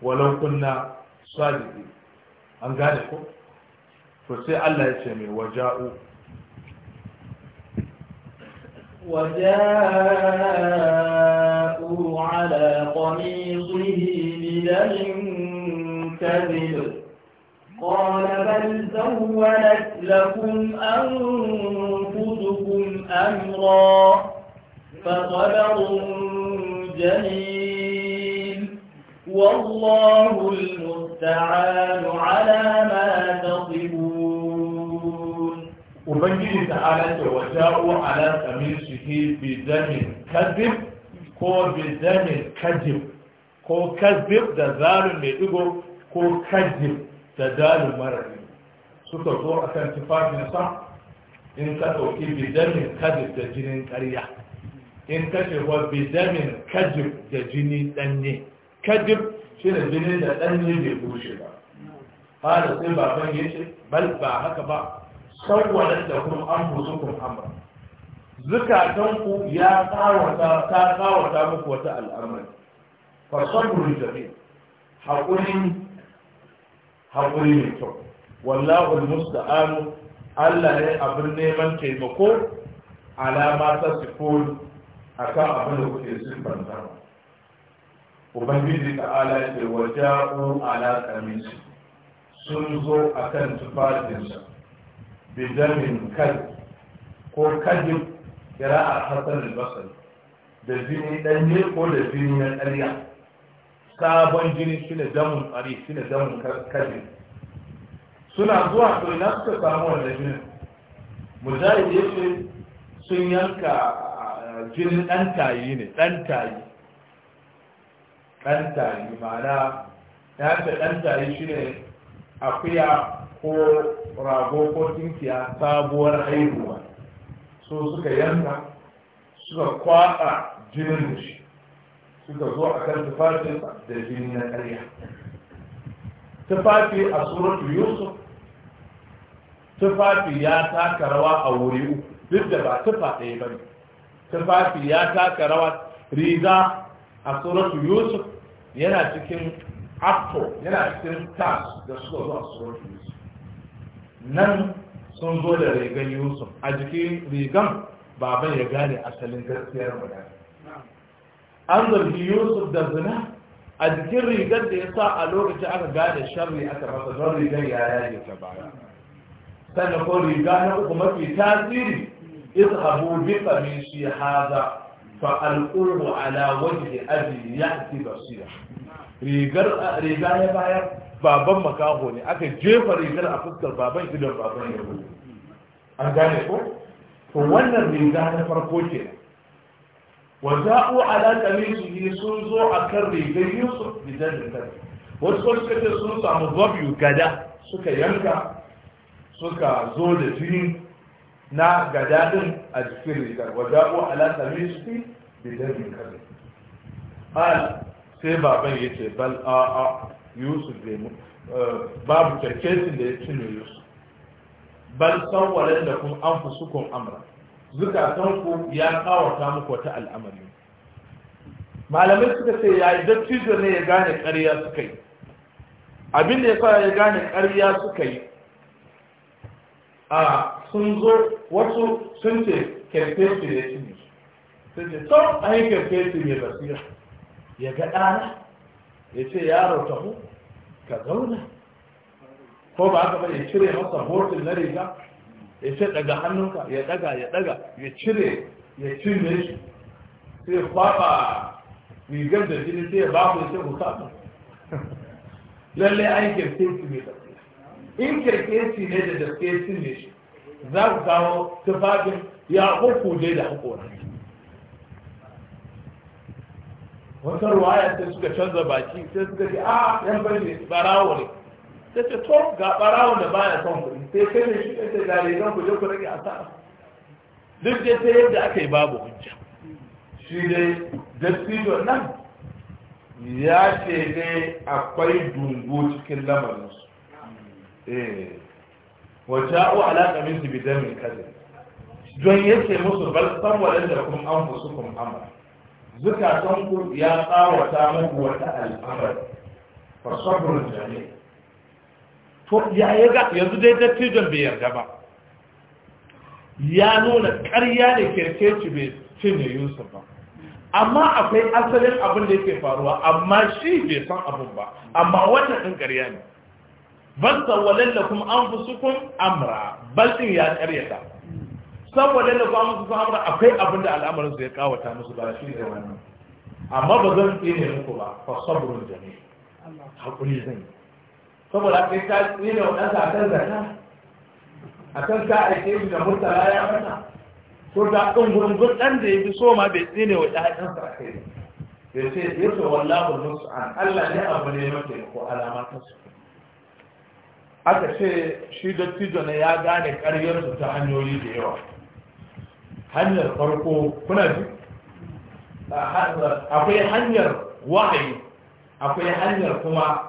walau kunna sadiki an gane ko to sai Allah ya ce mai waja'u وجاءوا على قميصه بدم كذب قال بل سولت لكم أنفسكم أمرا فصبر جميل والله المستعان على ما تصفون وبنجي تعالى وجاءوا على قميصه بدم كذب كو بدم كذب كو كذب ذا زال ميدغو كو كذب da dalin marari suka zo a kan tufafinsa in ka ɗauki bidamin kajib da jinin ƙarya in ka shewa bidamin kajib da jini ɗanye kajib shi ne jinin da ɗanye bai bushe ba hada sai baban ya ce bal ba haka ba sauwalar da kuma an buzu kuma amur zukatanku ya kawata ta kawata muku wata al'amari fasabrun jami'a haƙurin haƙuri mai kyau wallahu musta'anu Allah ne abin neman taimako alama ta sifon kan abin da kuke siffanta ubangiji ta'ala ya ce wa ja'u ala qamisi sun zo a kan tufafinsa bidamin kai ko kajin kira a hasan basal da jini ɗanye ko da jini na ƙarya sabon jini shi ne damun tsari shi ne damun kaji suna zuwa su ina suka samu wannan jinin mujahid ya ce sun yanka ah, jinin ɗan tayi ne ɗan tayi ɗan tayi ma'ana ya ce ɗan tayi shi ne akuya ko rago ko tinkiya sabuwar haihuwa so suka yanka suka kwaɗa jinin shi suka zo a kan tufafin da jini na ƙarya tufafi a suratu yusuf tufafi ya taka rawa a wuri uku duk da ba tufa ɗaya ba ne tufafi ya taka rawa riga a suratu yusuf yana cikin afto yana cikin tas da suka zo a suratu yusuf nan sun zo da rigar yusuf a jikin rigan baban ya gane asalin gaskiyar magana an zargi yusuf da zina a jikin rigar da ya sa a lokacin aka gane sharri aka rasa don rigar ya yage ta baya sannan ko riga na uku mafi tasiri izhabu bi shi hadha fa alqurbu ala wajhi abi ya'ti basira rigar riga ya bayar baban makaho ne aka jefa rigar a fuskar baban idan baban ya rubu an gane ko to wannan riga na farko kenan وجاءوا على قميصه sun zo akan rigayen su bidan da kai wasu suka sun samu zabiyu gada suka yanka suka zo da jini na gada din a cikin rigar waja'u ala qamisihi bidan da kai al sai baban yace bal a yusuf bai mu babu kyakkyacin da ya yusuf bal da kun zukatanku ya kawata muku wata al'amari malamai suka ce ya yayi dattijo ne ya gane ƙarya suka yi abin da ya fara ya gane ƙarya suka yi a sun zo wasu sun ce kyarfe su ne su. ne sun ce sau a yi kyarfe su ne basira ya ga ɗana ya ce ya rauta mu, ka zauna ko ba haka ba ya cire masa hotun na riga ya ce daga hannunka ya daga ya daga ya cire ya cire shi sai kwaba rigar da jini sai ya ba ku sai ku samu lallai an kirke su ne da in kirke su ne da daske su ne shi za ku kawo tufafin ya hukku dai da haƙora wata ya sai suka canza baki sai suka ce a ah, yan bari ne barawo ne sai ce to ga barawon da baya son kuɗi sai kai ne shi kai ga rigan ku je ku rage sa'a duk da ta yadda aka yi babu hujja shi dai dattijo nan ya ce dai akwai dungu cikin lamarinsu eh wace a'u alaƙa min su bidan min kazin don yake musu bal san waɗanda kun an fusu kun amara zukatan ku ya tsawata muku wata al'amari fasabrun jami'a ko ya ga yanzu dai dattijon bai yarda ba ya nuna ƙarya kirke ci bai cinye yusuf ba amma akwai asalin abin da yake faruwa amma shi bai san abin ba amma wannan ɗin ƙarya ne ban sawwalen da kuma an fi su kun amra balɗin ya ƙaryata sawwalen da kuma an fi su amra akwai abin da al'amarin su ya kawata musu ba shi da wannan amma ba zan tsine muku ba fa sabrun jami'a hakuri zan yi saboda kai ka tsina waɗansa a kan zaka a kan ka aike yi da murtala ya mana ko da ɗin gungun ɗan da ya fi so ma bai tsine wa ɗayansa a kai bai ce ya ce wallahu musu an allah ne abu ne mafi ko alama ta su aka ce shi tijo ne ya gane ƙaryarsu ta hanyoyi da yawa hanyar farko kuna ji akwai hanyar wahayi akwai hanyar kuma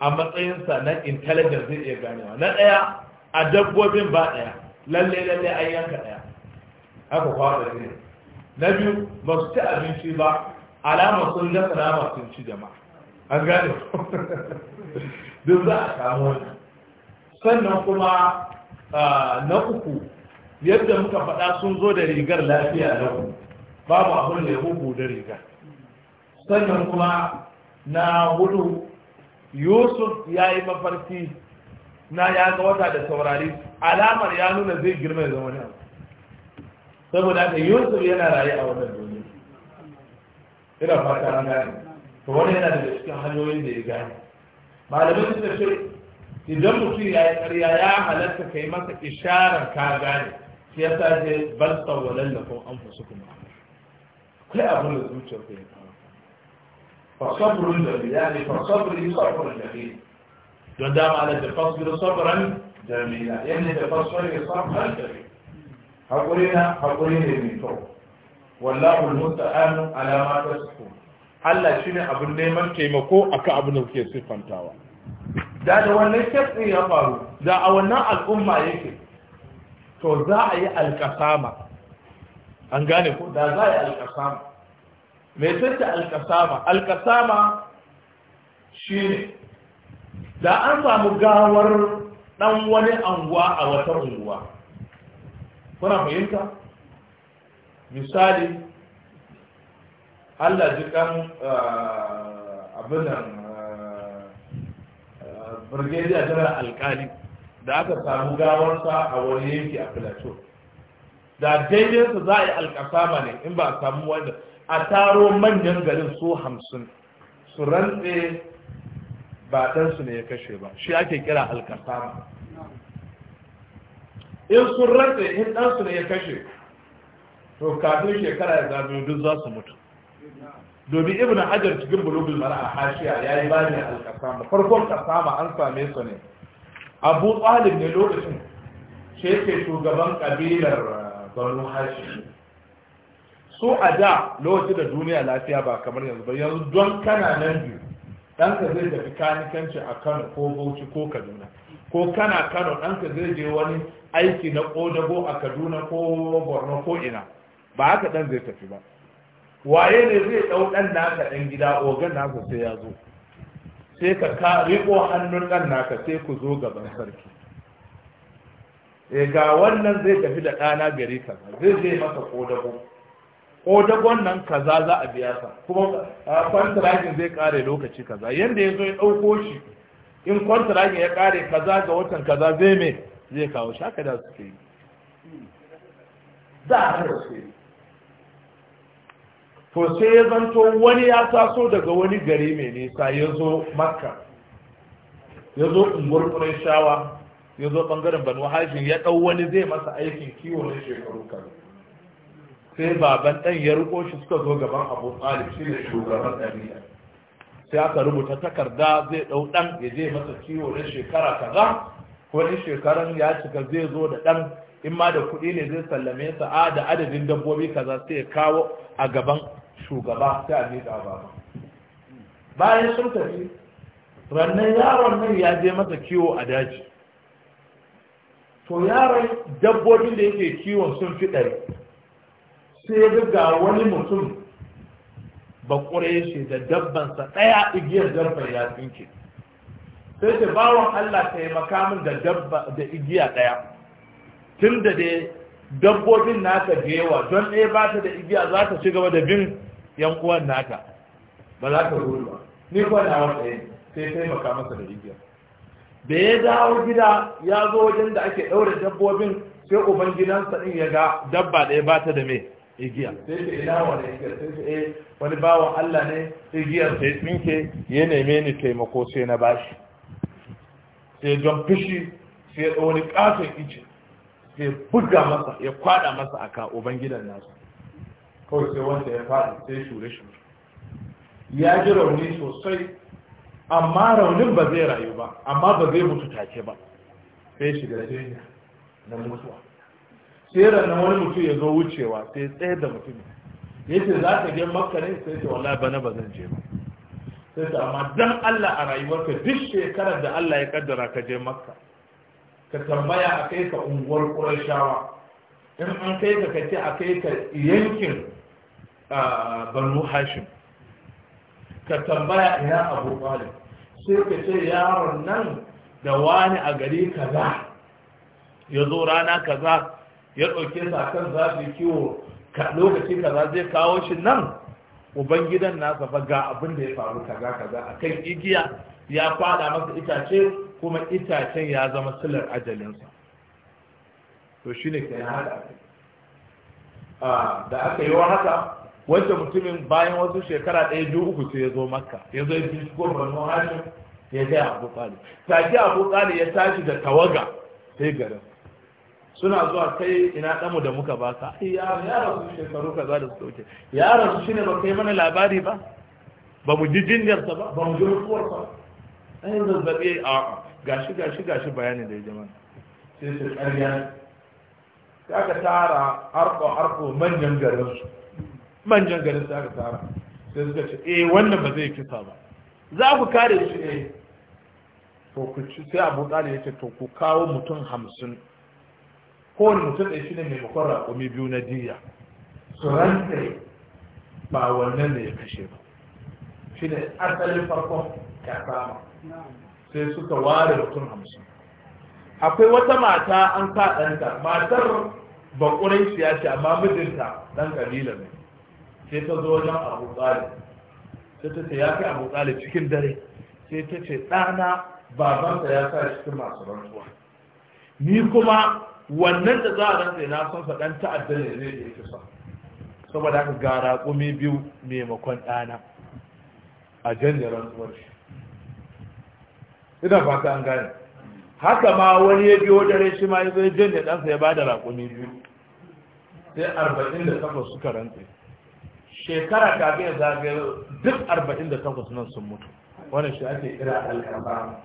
a matsayinsa na intelligence zai iya ganewa na ɗaya a dabbobin ba ɗaya lalle lalle an yanka ɗaya haka kwaɗa ne na biyu ba su ci abinci ba alama sun ga salama sun ci jama'a an gane duk za a samu wani sannan kuma na uku yadda muka faɗa sun zo da rigar lafiya na ku babu abin da ya hugu da rigar sannan kuma na hudu yusuf ya yi mafarki na ya ga wata da saurari alamar ya nuna zai girma ya zama nan saboda ka yusuf yana raye a wannan duniya ina fata an gane to wani yana daga cikin hanyoyin da ya gane malamai suka ce idan mutum ya yi ƙarya ya halatta kai masa isharar ka gane shi ya sa ce bal tsawalan da kuma an fasu kuma kai abin da zuciyar ka ya kawo فصبر جميل فصبري صبر جميل don dama ana da fasbir sabran jamila yadda da fasbir sabran jamila hakuri na hakuri ne mai kyau wallahu almusta'an ala ma tasfu Allah shine abin neman taimako akan abin da kuke sifantawa da da wannan kafin ya faru da a wannan al'umma yake to za a yi alkasama an gane ko da za a yi alkasama mai tace alkasama alkasama shi ne da an samu gawar ɗan wani anguwa a wata unguwa kuna fahimta misali allah jikan abinan ah, ah, birgediya tana alkali da aka samu gawarsa a wani yanki a filato da daidainsa za a yi alkasama ne in ba a samu wanda a taro manyan garin su hamsin su rantse ba ɗansu ne ya kashe ba shi ake kira alkasama in sun rantse in ɗansu ne ya kashe to kafin shekara ya zama duk za su mutu domin ibn hajar cikin bulubul mara a hashiya ya yi ne alkasama farkon kasama an same su ne abu tsalin ne lokacin shi yake shugaban kabilar banu hashiya so a da lokacin da duniya lafiya ba kamar yanzu ba yanzu don kana nan biyu ɗanka zai tafi kanikanci a kano ko bauchi ko kaduna ko kana kano ɗanka zai je wani aiki na ƙodago a kaduna ko borno ko ina ba haka ɗan zai tafi ba waye ne zai ɗau ɗan naka ɗan gida ogan naka sai ya zo sai ka ka riƙo hannun ɗan naka sai ku zo gaban sarki e ga wannan zai tafi da ɗana gari kaza zai je masa ƙodago odagon nan kaza za a biya sa kuma kwantaragin zai kare lokaci kaza yadda ya zo ya ɗauko shi in kwantaragin ya kare kaza ga watan kaza zai mai zai kawo shi haka da suke yi za a yi to sai ya zanto wani ya taso daga wani gari mai nisa ya zo makka ya zo ungurkunan shawa ya zo bangaren banu hajji ya ɗau wani zai masa aikin kiwo na shekaru kaza sai baban ɗan ya riko shi suka zo gaban abu talib shi ne shugaban ɗabi'a sai aka rubuta takarda zai ɗau ɗan ya je masa ciwo na shekara kaza ko ni shekaran ya cika zai zo da ɗan in ma da kuɗi ne zai sallame sa a da adadin dabbobi kaza sai ya kawo a gaban shugaba sai a miƙa baba bayan sun tafi rannan yaron nan ya je masa kiwo a daji to yaron dabbobin da yake kiwon sun fi ɗari sai ga wani mutum ba shi da dabbansa ɗaya igiyar dabban ya tsinke sai ce bawan Allah taimaka min da dabba da igiya ɗaya tun da dai dabbobin naka da yawa don ɗaya ba ta da igiya za ta ci gaba da bin yankuwan naka ba za ta ruru ba ni kuwa na wata yi sai taimaka masa da igiya da ya dawo gida ya zo wajen da ake ɗaure dabbobin sai uban gidansa ɗin ya ga dabba ɗaya ba ta da mai. igiya sai ce ina wani igiyar. sai eh, wani bawan Allah ne igiyar sai tsinke ya neme ni taimako sai na bashi sai don fushi sai da wani katon ice sai buga masa ya kwada masa aka ubangidan nasu kawai sai wanda ya fadi sai shure shure ya ji rauni sosai amma raunin ba zai rayu ba amma ba zai mutu take ba sai shiga jinya na mutuwa sai na wani mutum ya zo wucewa sai tsaye da mutum ya ce za ka je makka ne sai ce wallahi bana ba zan je ba sai ta amma dan Allah a rayuwarka duk shekarar da Allah ya kaddara ka je makka ka tambaya a kai ka unguwar ƙurashawa in an kai ka kace a kai ka yankin banu hashim ka tambaya ina abu ɓalin sai ka ce yaron nan da wani a gari kaza ya zo rana kaza ya ɗauke su a kan zafi kiwo lokaci kaza zai kawo shi nan ubangidan na fa ga abin da ya faru kaza kaza a kan igiya ya fada masa itace kuma itacen ya zama silar ajalinsa to shi ne ke hada da aka yi wa haka wancan mutumin bayan wasu shekara ɗaya biyu uku sai ya zo makka ya zo ya fi shigo barno ya gaya abu tsari tafi abu tsari ya tashi da tawaga sai garin suna zuwa kai ina damu da muka ba ka ya rasu shekaru za da su dauke, ya rasu shine ba kai mana labari ba ba mu ji jinyarsa ba ba mu ji mutuwarsa ba ai zazzabi a gashi gashi gashi bayani da ya jama'a sai su ƙarya ka tara harko harko manyan garin su manyan garin su ka tara sai suka ce eh wannan ba zai kisa ba za ku kare shi eh to ku ci sai abu ɗali ya ce to ku kawo mutum hamsin kowane mutum ɗaya shine mai bakon raƙumi biyu na diya su rantse ba wannan ne ya kashe ba shi ne asalin ya kasama sai suka ware mutum hamsin akwai wata mata an sa ɗanta matar bakurai siyasa, amma mijinta ɗan kabila ne sai ta zo wajen abu tsari sai ta ce ya fi abu tsari cikin dare sai ta ce ɗana babansa ya sa cikin masu rantsuwa ni kuma wannan da za a rantse na son faɗan ta'addar ne zai iya kisa saboda haka gara raƙumi biyu maimakon ɗana a janye rantsuwar shi ina fata an gane haka ma wani ya biyo dare shi ma ya zai janye ɗansa ya bada raƙumi biyu sai arba'in da takwas suka rantse shekara kafin zagaye duk arba'in da takwas nan sun mutu wannan shi ake kira alkaba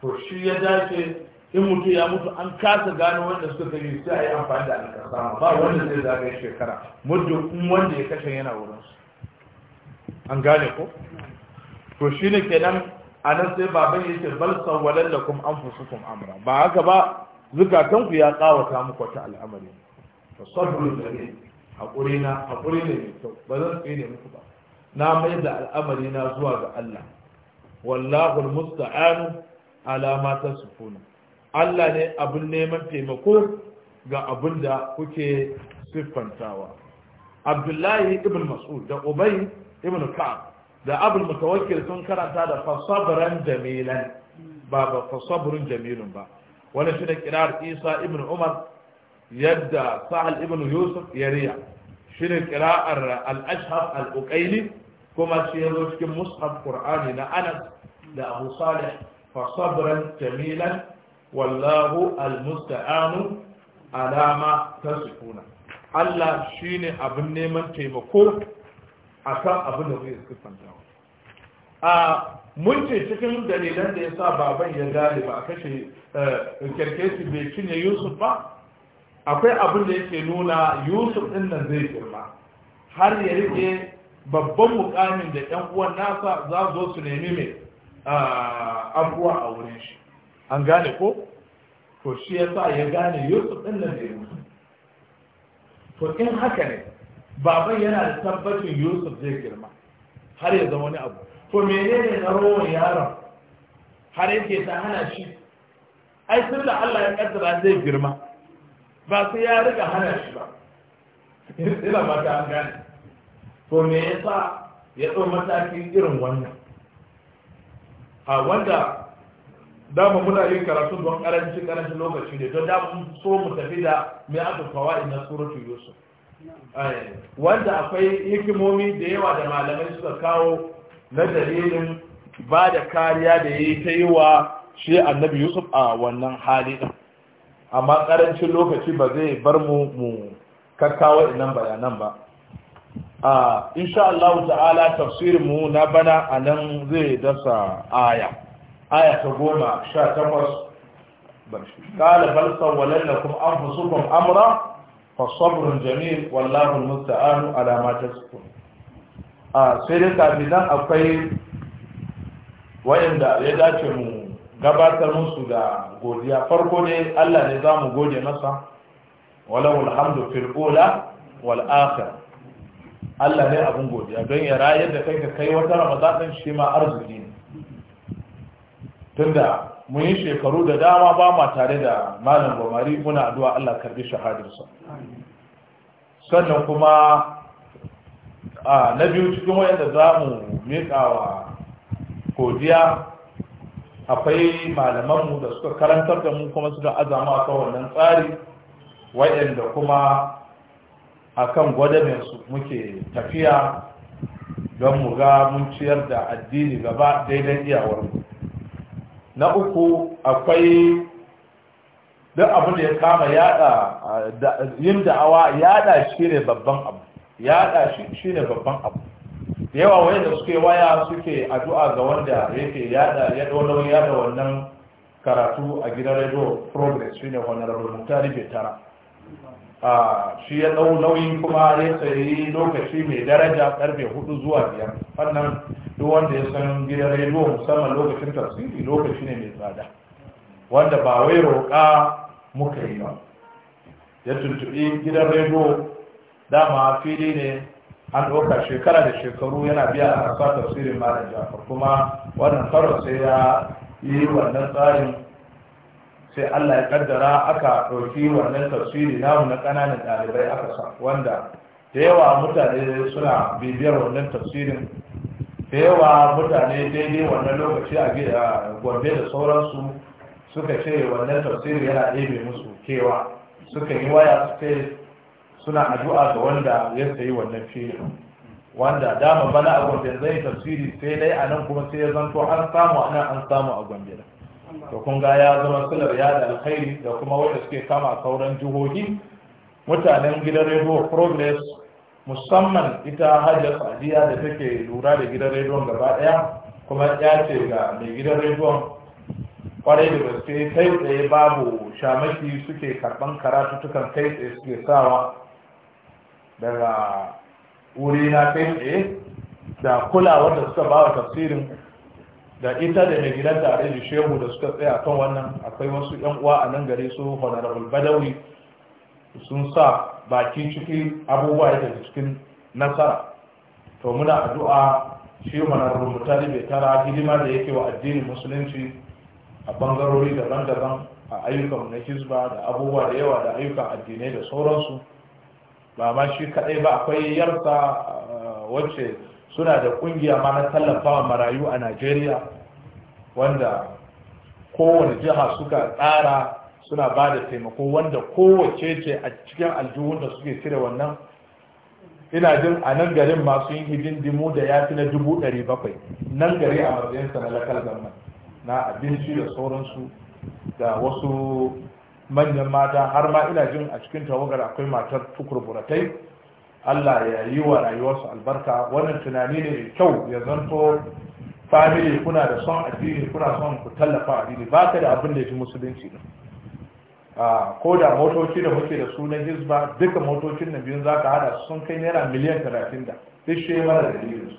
to shi ya dace in mutum ya mutu an kasa gano wanda suka kashe sai a yi amfani da alƙasama ba wanda zai zagaye shekara muddin in wanda ya kashe yana wurin su an gane ko to shine kenan a nan sai baban yake bal an lakum kuma amra ba haka ba zukatan ku ya kawata muku ta al'amari to sabrul jamil hakuri na hakuri ne ba zan tsine muku ba na mai da al'amari na zuwa ga Allah wallahu al-musta'anu alama ma tasifuna Allah ne abin neman taimako ga abin da kuke siffantawa abdullahi ibn mas'ud da ubay ibn ka'ab da abul mutawakkil sun karanta da fasabran jamilan ba ba fasabrun jamilun ba wani shi da kirar isa ibn umar yadda sahal ibn yusuf yariya shi ne kira'ar al-ashhab al ukaili kuma shi ya zo cikin mushaf qur'ani na anas da abu salih fasabran jamilan wallahu almusta'anu alama sukuna Allah shine abin neman taimako kan abin da zai sifantawa a mun ce cikin dalilan da ya sa baban ya gane ba a kashe eh, kyarkesi bai cinye yusuf ba akwai abin da yake nuna yusuf ɗin nan zai girma har ya rike babban mukamin da yan uwan nasa za zo su nemi mai eh, abuwa a wurin shi an gane ko to shi ya sa ya gane yusuf ɗin nan da yi to in haka ne baban yana da tabbacin yusuf zai girma har ya zama wani abu to menene na rowan yaron har yake ta hana shi ai tun da allah ya kaddara zai girma ba sai ya riga hana shi ba ina ba ta an gane to me ya sa ya ɗau matakin irin wannan a wanda dama muna yin karatu don karanci karanci lokaci ne don dama so mu tafi da mai aka kawai ina suratu yusuf wanda akwai hikimomi da yawa da malamai suka kawo na dalilin ba da kariya da ya yi ta yi wa shi annabi yusuf a wannan hali ɗin amma karancin lokaci ba zai bar mu mu kakkawa inan bayanan ba a ah, insha Allah ta'ala tafsirin mu na bana a nan zai dasa aya aya ta goma sha takwas قال بل سولت لكم أنفسكم أمرا فصبر جميل والله المستعان على ما A sai dai kafin nan akwai wayanda ya dace mu gabatar musu da godiya farko ne Allah ne za mu goge masa walawul alhamdu fil ula wal akhir Allah ne abun godiya don ya raye da kai ka kai wata ramadan shi ma arziki ne tunda mun yi shekaru da dama ba ma tare da malam gomari muna addu'a Allah karbi shahadarsa sannan kuma a na biyu cikin wayanda za mu miƙawa kodiya, akwai malamanmu da suka karantar da mu kuma suka azama a wannan tsari wayanda kuma akan gwadaminsu muke tafiya don mu ga mun ciyar da addini gaba daidai iyawarmu na uku akwai duk abin da ya kama yada yin da'awa yada shi ne babban abu yada shi ne babban abu yawa waye da suke waya suke addu'a ga wanda yake yada ya dawo yada wannan karatu a gidan radio progress shine honorable mutari tara. A shi ya dau nauyin kuma ya tsaye lokaci mai daraja karfe hudu zuwa biyar wannan duk wanda ya san gidan rediyo musamman lokacin tafsiri lokaci ne mai tsada wanda ba wai roƙa muka yi ba ya tuntuɓi gidan rediyo dama fili ne an ɗauka shekara da shekaru yana biya a tafsirin malam jafar kuma wannan farar sai ya yi wannan tsarin sai Allah ya kaddara aka ɗauki wannan tafsiri namu na ƙananan ɗalibai aka sa wanda da yawa mutane suna bibiyar wannan tafsirin da yawa mutane daidai wannan lokaci a gwambe da sauransu suka ce wannan tafsirin yana ɗebe musu kewa suka yi waya su ce suna addu'a ga wanda ya sayi wannan filin wanda dama bana a gwambe zai tafsiri sai dai a nan kuma sai ya zanto an samu a nan an samu a gombe to kun ga ya zama ya yada alkhairi da kuma wanda suke kama sauran jihohi mutanen gidan rediyo progress musamman ita hajjar sadiya da take lura da gidan rediyon gaba daya kuma ya ce ga mai gidan rediyon kwarai da gaske kai tsaye babu shamaki suke karban karatutukan kai tsaye suke sawa daga wuri na kai tsaye da kula wanda suka ba wa tafsirin da ita da mai gidan tare da shehu da suka tsaya kan wannan akwai wasu yan uwa a nan gare su honorable badawi sun sa baki ciki abubuwa yake cikin nasara to muna addu'a shi honorable mutali bai tara hidima da yake wa addinin musulunci a bangarori daban-daban a ayyukan na hizba da abubuwa da yawa da ayyukan addinai da sauransu ba ma shi kadai ba akwai yarsa wacce suna da kungiya ma na tallafawa marayu a Najeriya wanda kowane jiha suka tsara suna ba da taimako wanda kowace ce a cikin aljihun da suke cire wannan ina jin a nan garin masu yin dimu da ya fi na dubu ɗari bakwai nan gari a matsayinsa na lakal zaman, na abinci da sauransu da wasu manyan mata har ma ina jin a cikin tawagar akwai matar tukur buratai Allah ya yi wa rayuwarsu albarka wannan tunani ne mai kyau ya zanto family kuna da son addini kuna son ku tallafa addini ba ka da abin da ya fi musulunci ne ko da motoci da muke da su na hizba duka motocin na biyun za ka hada sun kai naira miliyan talatin da duk shi mara dalilin su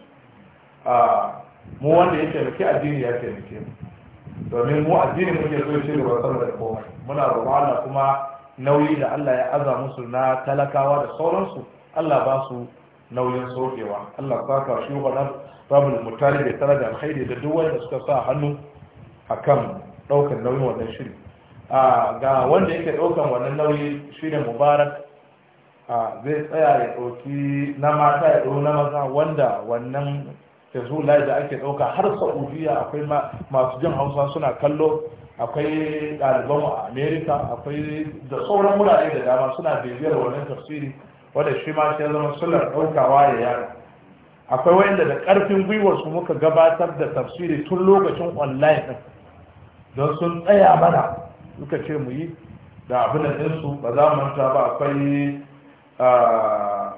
mu wanda ya taimake addini ya taimake mu domin mu addini muke so shi da wasan da komai muna roƙon Allah kuma nauyi da Allah ya aza musu na talakawa da sauransu Allah ba su nauyin sokewa Allah ka shi wa rabul mutali bai tare da alkhairi da duk wanda suka sa hannu akan daukar nauyin wannan shiri ga wanda yake daukan wannan nauyi shine mubarak zai tsaya ya ɗauki na mata ya dau na maza wanda wannan yanzu lai da ake ɗauka. har saudiya akwai masu jin hausa suna kallo akwai ɗaliban a amerika akwai da sauran wurare da dama suna bibiyar wannan tafsiri wanda shi ma shi zama sular ɗaukawa ya yara akwai wanda da ƙarfin gwiwarsu muka gabatar da tafsiri tun lokacin online ɗin don sun tsaya mana suka ce mu yi da abin ba za mu ba akwai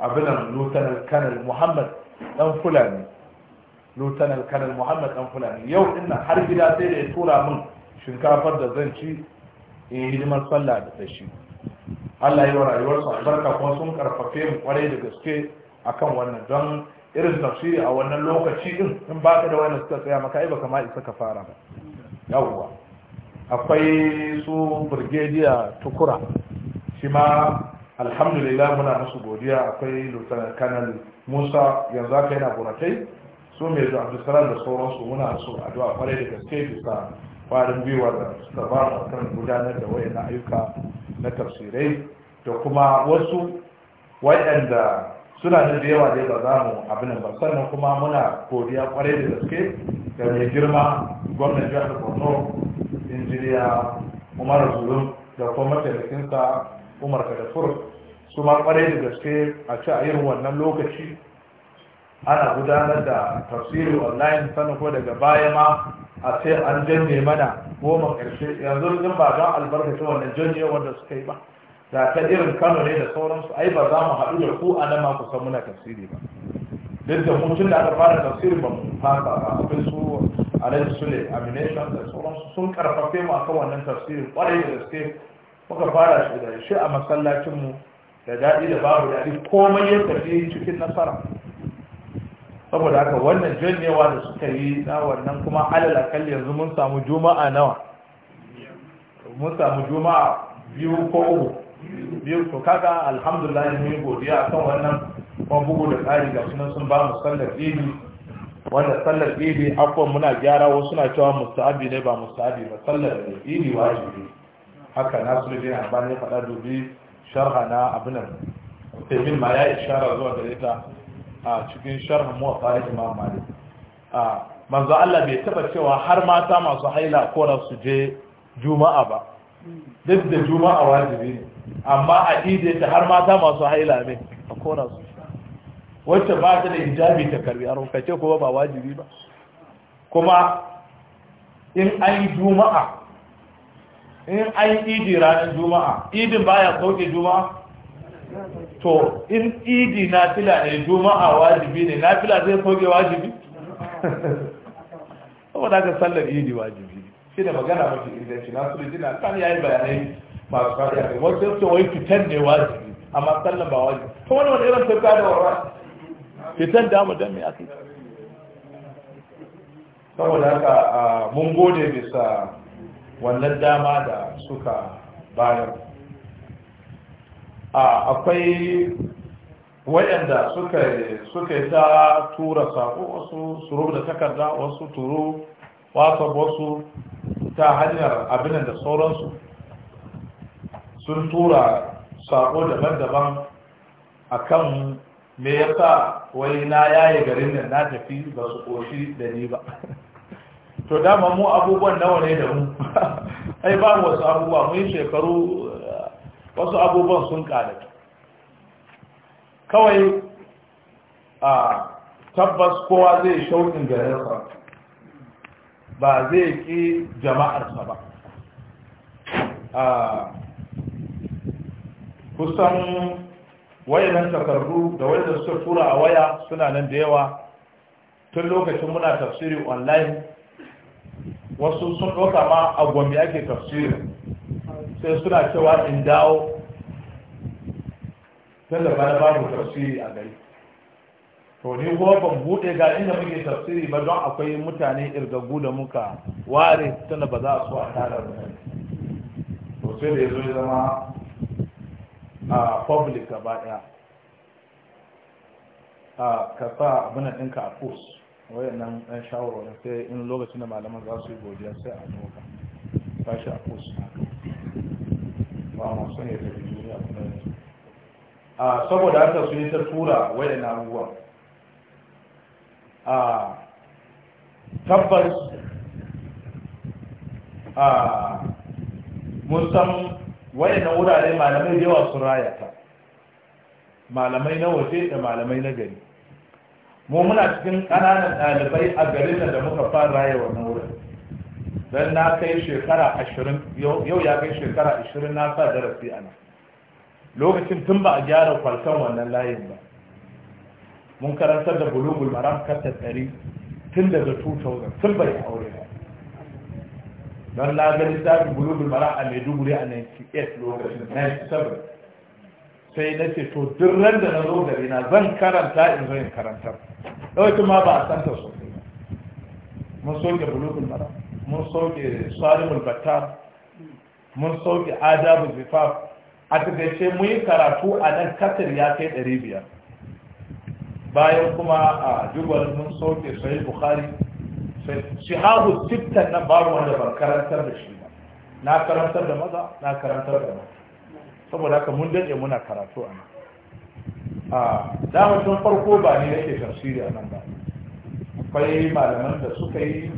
abin lutanar kanal muhammad ɗan fulani lutanar kanal muhammad dan fulani yau ina har gida sai da ya tura min shinkafar da zan ci in hidimar sallah da shi Allah yi wa rayuwarsu albarka kuma sun karfafe mu kwarai da gaske akan wannan don irin tafsiri a wannan lokaci din in ba ka da wani suka tsaya maka ai baka ma isa ka fara ba yawwa akwai su burgediya tukura shi ma alhamdulillah muna musu godiya akwai lieutenant kanal musa yanzu aka yana buratai su mai da abdulsalam da sauransu muna su addu'a kwarai da gaske bisa kwarin gwiwar da suka ba a kan gudanar da wayannan ayyuka na tafsirai da kuma wasu waɗanda suna da yawa dai ba za mu abin ba sannan kuma muna godiya kwarai da gaske ga mai girma gwamnan jihar borno injiniya umar zulum da kuma mataimakinsa umar kadafur su ma kwarai da gaske a ci a irin wannan lokaci ana gudanar da tafsiri online sanako, ko daga baya ma a sai an janye mana goma ƙarshe yanzu in ba albarka ta wannan janye wanda suka yi ba da ta irin kano ne da sauransu ai ba za mu haɗu da ku a nan ma kusan muna tafsiri ba duk da mutum da aka fara tafsiri ba mu fasa ba akwai su alhaji sule amination da sauransu sun karfafe mu akan wannan tafsirin kwarai da gaske muka fara shi da shi a masallacinmu da daɗi da babu daɗi komai ya tafi cikin nasara saboda haka wannan janyewa da suka yi na wannan kuma alal akalli yanzu mun samu juma'a nawa mun samu juma'a biyu ko uku biyu to kaga alhamdulillah mun godiya akan wannan kuma bugu da ƙari ga sunan sun ba mu sallar idi wanda sallar idi akwai muna gyara wasu na cewa mustahabi ne ba mustahabi ba sallar idi wajibi haka na nasiru bin albani ya faɗa dubi sharha na abinan tebin ma ya ishara zuwa gare ta a cikin sharh muwafa imam malik a manzo Allah bai taba cewa har mata masu haila kora su je juma'a ba duk da juma'a wajibi ne amma a ide ta har mata masu haila ne a kora su wacce ba ta da hijabi ta karbi a rukace kuma ba wajibi ba kuma in an yi juma'a in an yi idi ranar juma'a idin baya sauke juma'a to in idi na fila ne juma'a wajibi ne na fila zai soge wajibi saboda haka sallar idi wajibi shi da magana mafi inganci na su na kan yayi bayanai masu kare ne kai wasu sun wai fitar ne wajibi amma sallar ba wajibi to wani wani irin sauka da wara fitar da mu dan me ake saboda haka ah, mun gode bisa wannan dama da suka bayar akwai waɗanda suka ta tura sako wasu suru da takarda wasu turu wasu wasu ta hanyar abinan da sauransu sun tura sako daban-daban a kan me yasa wai na yaye garin nan na tafi ba su koshi da ni ba to dama mu abubuwan nawa ne da mu ai ba wasu abubuwa mun shekaru wasu abubuwan sun ƙaratu kawai a tabbas kowa zai shauƙin garinsa ba zai ƙi jama'arsa ba a kusan wayanan takardu da wayanan suka tura a waya suna nan da yawa tun lokacin muna tafsiri online wasu sun ɗauka ma a gombe ake tafsirin sai suna cewa in dawo sai da bana babu tafsiri a gari to ni kuma ban bude ga inda muke tafsiri ba don akwai mutane irgagu da muka ware tana ba za a so a tara mutane to sai da ya zo zama a public gaba daya a ka sa abin ɗinka a post nan ɗan shawarwarin sai in lokacin da malaman za su yi godiya sai a noka tashi a post haka ba mu son duniya kuma yanzu a saboda haka su ne ta tura wayan abubuwa a tabbas a mun san na wurare malamai da yawa raya rayata malamai na waje da malamai na gari mu muna cikin ƙananan ɗalibai a garin da muka fara raya wannan don na kai shekara ashirin yau ya kai shekara ashirin na sa darasi a nan lokacin tun ba a gyara kwalkan wannan layin ba mun karantar da bulugul maram kasa ɗari tun daga 2000 tun bai aure ba don na ga littafin bulugul maram a maiduguri a 98 lokacin 97 sai na ce to duk ran da na zo gari na zan karanta in zo in karantar lokacin ma ba a santa sosai mun soke bulugul maram mun sauke salimul battar mun sauke adabu zifaf a tafiye mun yi karatu a nan katar ya kai 500 bayan kuma a jubal mun sauke sai bukhari hagu sittan na babu wanda ban karantar da shi ba na karantar da maza na karantar da mata saboda haka mun daɗe muna karatu a nan a damacin farko ba ne yake tafsiri a nan ba akwai malaman da suka yi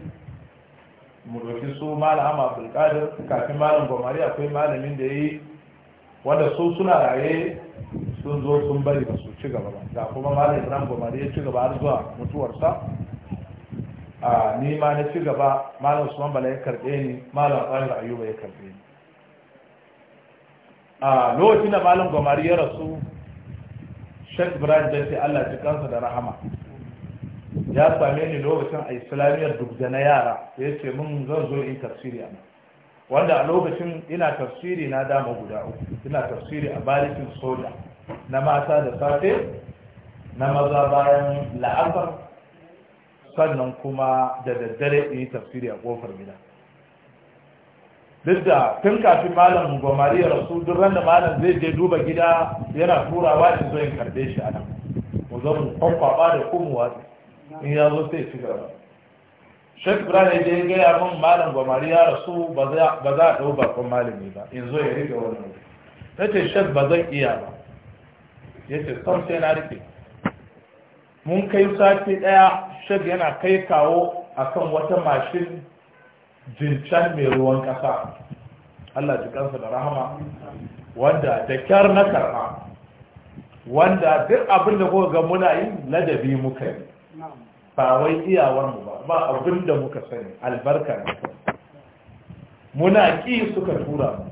mu su Malama abdul abdulkadir kafin malam Gomari akwai malamin da ya yi wanda su suna raye sun zo sun bari ba su ci gaba ba da kuma malam ibrahim Gomari ya ci gaba har zuwa mutuwarsa a ni ma na ci gaba malam usman bala ya karɓe ni malam ɗahir ayuba ya karɓe ni a lokacin da malam Gomari ya rasu shek ibrahim dan allah ji kansa da rahama ya same ni lokacin a islamiyar da na yara ya ce mun zan zo in tafsiri a wanda a lokacin ina tafsiri na dama guda uku ina tafsiri a barikin soja na mata da safe na maza bayan la'asar sannan kuma da daddare in yi tafsiri a kofar gida duk da tun kafin malam gwamari ya rasu duk randa malam zai je duba gida yana turawa in zo in karbe shi a nan mu zo mu kwakwaba da kuma wasu in ya zo sai ci gaba shek ibrahim da ya gaya min malam gwamari ya rasu ba za a ɗau bakon malami ba in zo ya rike wannan na ce shek ba zan iya ba ya ce son sai na rike mun kai sati ɗaya shek yana kai kawo akan wata mashin jincan mai ruwan ƙasa allah ji kansa da rahama wanda da kyar na karɓa wanda duk abinda ga muna yi ladabi muka yi ba wai iyawar ba ba abin da muka sani albarka ne muna ki suka tura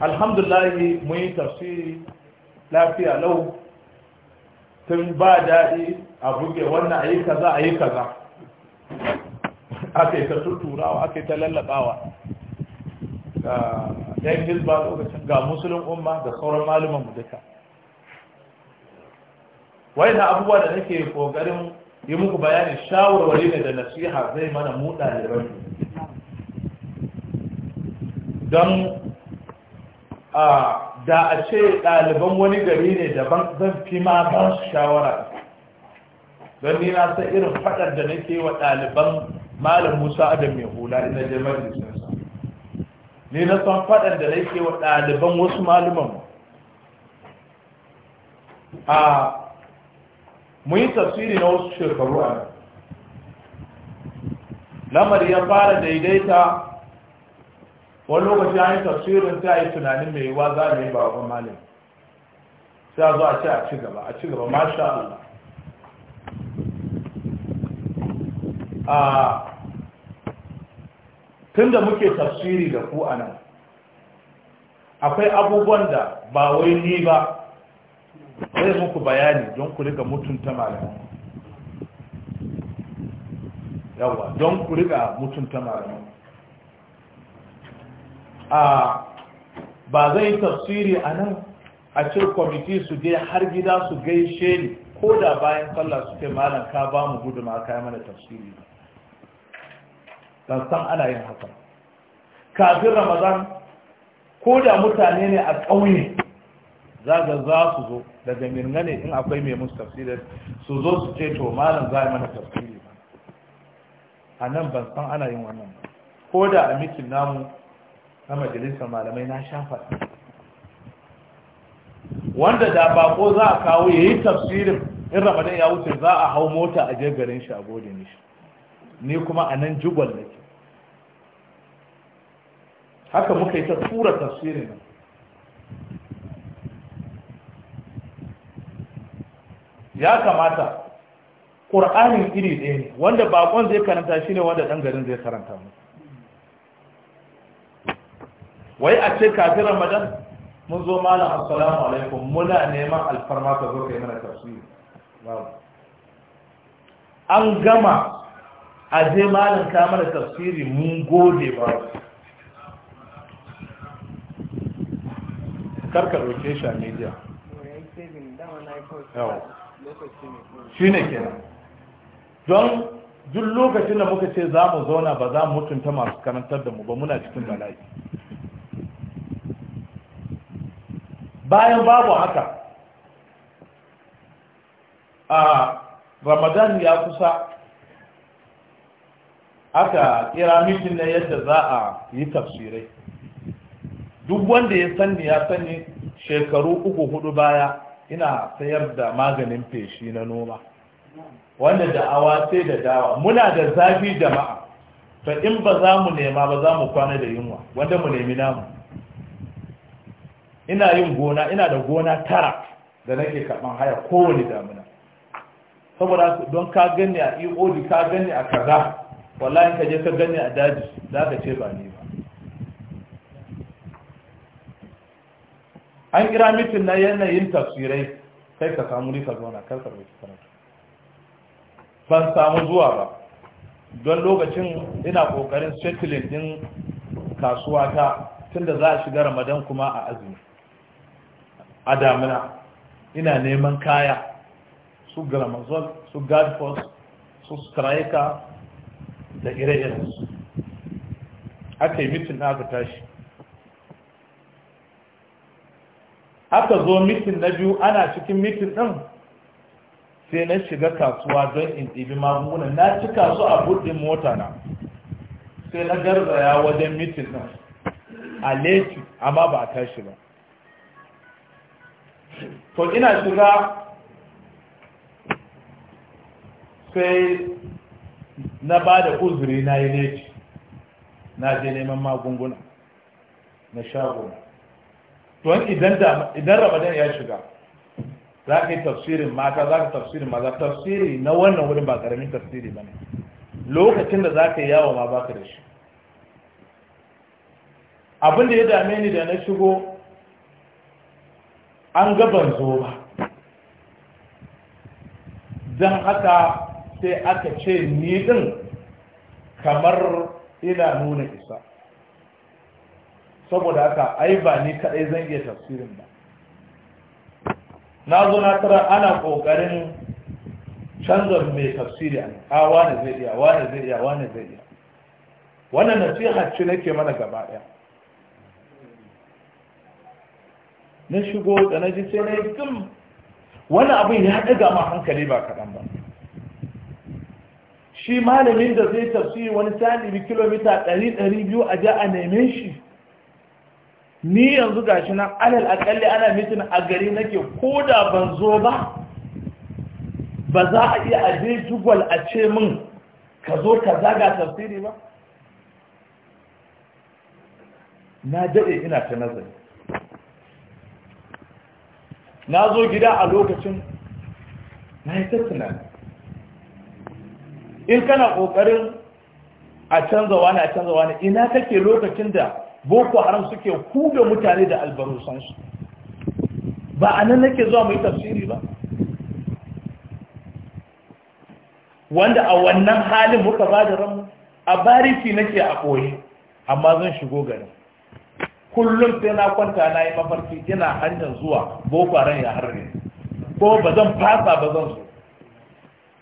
alhamdulillah mun yi tafsiri lafiya lau tun ba daɗi a buge wannan ayi kaza ayi kaza aka yi ta tuturawa aka yi ta lallabawa ga yan hizba lokacin ga musulun umma da sauran mu duka Wai na abubuwa da nake kokarin yi muku bayani shawarwari ne da nasiha zai mana mu ɗalibai don da a ce ɗaliban wani gari ne daban zan fi ma ba su shawara don ni na san irin faɗar da nake wa ɗaliban malam musa adam mai hula ina je majalisinsa ni na san faɗar da nake wa ɗaliban wasu maluman a mun yi tafsiri na wasu shekaru a lamar ya fara daidaita wani lokaci an yi tafsirin ta yi tunanin mai yiwuwa za mu yi ba wa malin sai a zo a ce a ci gaba a ci gaba masha Allah a tun da muke tafsiri da ku a nan akwai abubuwan da ba wai ni ba Zai muku bayani don ku riga mutunta malamai yawa don ku riga mutunta malamai a ba zai tafsiri a nan a ce kwamiti su je har gida su gaishe ni ko da bayan sallah su ce malam ka ba mu gudu ma kai mana tafsiri dan san ana yin haka kafin ramadan ko da mutane ne a ƙauye zaga za su zo daga mirna ne in akwai mai musu tafsirin su zo su ce to malam za a mana tafsiri ba a nan ban san ana yin wannan ba ko da a mikin namu na majalisar malamai na shafa wanda da bako za a kawo ya yi tafsirin in ramadan ya wuce za a hau mota a je garin shi a gode shi. ni kuma a nan jugon nake haka muka yi ta tura tafsirin nan ya kamata ƙur'anin iri ɗaya ne wanda bakon zai karanta shi ne wanda ɗan garin zai karanta mu wai a ce kafin ramadan mun zo malam assalamu alaikum muna neman alfarma ka zo kai mana tafsiri an gama a je malam ka mana tafsiri mun gode ba karka roke shi a media shine ne kenan don duk lokacin da muka ce za mu zauna ba za mu mutunta masu karantar da mu ba muna cikin bala'i bayan babu haka a ramadan ya kusa aka kira mitin na yadda za a yi tafsirai duk wanda ya sanni ya sani shekaru uku hudu baya ina sayar da maganin feshi na noma wanda da'awa sai da dawa muna da zafi jama'a to in ba za mu nema ba za mu kwana da yunwa wanda mu nemi namu ina yin gona ina da gona tara da nake karɓan haya kowane damuna saboda don ka gani a iodi e ka gani a kaza wallahi ka je ka gani a daji za ka ce ba ni an kira mitin na yanayin tafsirai kai ka samu nika zauna kar ka ɗauki karatu ban samu zuwa ba don lokacin ina kokarin settling din kasuwa ta tunda za a shiga ramadan kuma a azumi a damina ina neman kaya su gramazol su gadfos su striker da ire-irensu aka yi mitin aka tashi aka zo mitin na biyu ana cikin mitin ɗin sai na shiga kasuwa don in ɗibi magungunan na cika su a buɗin mota na sai na garzaya wajen mitin ɗin a leci amma ba a tashi ba to ina shiga sai na ba da uzuri na yi leci na je neman magunguna na shagunan don idan ramadan ya shiga za ka yi tafsirin mata za ka tafsirin maza tafsiri na wannan wurin ba karamin tafsiri ba ne lokacin da za ka yi yawo ma ba ka da shi abin da ya dame ni da na shigo an gaban zo ba don haka sai aka ce ni din kamar ina nuna isa saboda haka ai ba ni kadai zan iya tafsirin ba na zo na tara ana kokarin canza mai tafsiri a a wani zai iya wani zai iya wani zai iya wannan nasiha ce nake mana gaba ɗaya na shigo da na ji sai na yi gum wani abin ya ɗaga ma hankali ba kaɗan ba shi malamin da zai tafsiri wani talibi kilomita 200 a ja a neme shi ni yanzu gashi nan alal akalli ana mitin a gari nake ko da ban zo ba ba za a iya aje jugwal a ce min ka zo ka zaga tafsiri ba na daɗe ina ta nazari na zo gida a lokacin na yi tattunan in kana ƙoƙarin a canza wani a canza wani ina kake lokacin da boko haram suke kuga mutane da albarusansu ba a nan nake zuwa mai tafsiri ba wanda a wannan halin muka ba da ranmu a bariki nake a ɓoye amma zan shigo gani. kullum sai na kwanta na yi mafarki ina hanyar zuwa boko haram ya harbe ko ba zan fasa ba zan so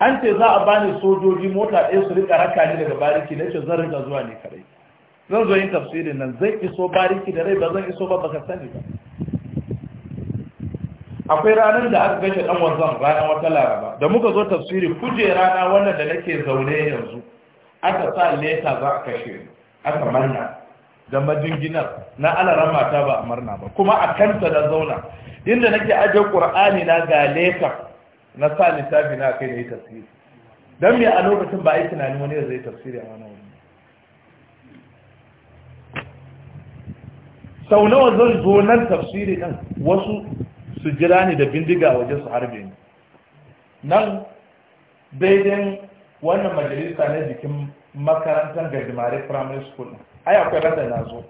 an ce za a bani sojoji mota ɗaya su rika raka ni daga bariki na ce zan rika zuwa ne kadai zan zo yin tafsirin nan zai iso bariki da rai ba zan iso ba baka sani ba akwai ranar da aka gashe dan wanzan ranar wata laraba da muka zo tafsiri kuje rana wannan da nake zaune yanzu aka sa leta za a kashe aka manna da majinginar na alaran mata ba a marna ba kuma a kanta da zauna inda nake aje qur'ani na ga leta na sa lissafi na kai yi tafsiri don me a lokacin ba yi tunanin wani zai tafsiri a wani. sau nawa zan zo nan tafsiri nan wasu su jira ni da bindiga waje su harbe ni nan daidai wannan majalisa na jikin makarantar gajimare primary school ai akwai rada na zo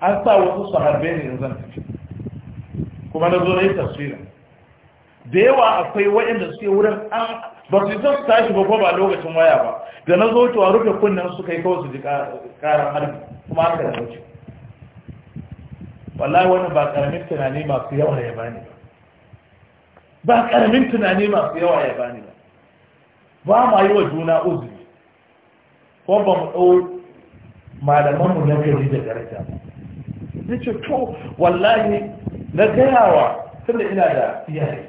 an sa wasu su harbe ni in zan tafi kuma na zo na yi tafsirin da yawa akwai waɗanda suke wurin an ba su san tashi ba ko ba lokacin waya ba da na zo cewa rufe kunnen su yi kawai su ji karan harbi kuma aka da wuce wallahi wannan ba karamin tunani masu yawa ya bani ba ba karamin tunani masu yawa ya bani ba ba ma yi wa juna uzuri ko ba mu ɗau malamanmu na gari da daraja ya ce to wallahi na gayawa tun da ina da iyaye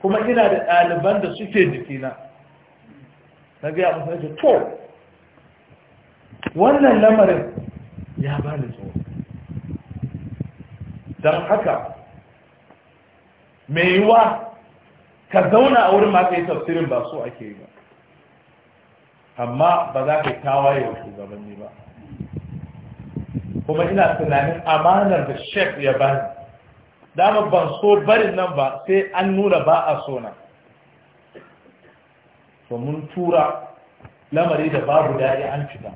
kuma ina da ɗaliban da suke jikina na gaya musu na ce to wannan lamarin ya bani zuwa don haka mai yiwa ka zauna a wurin masu yi tafsirin ba so ake yi ba amma ba za ka yi tawaye wa shugabanni ba kuma ina tunanin amanar da shek ya bani dama ban so barin nan ba sai an nuna ba a so na to mun tura lamari da babu daɗi an fita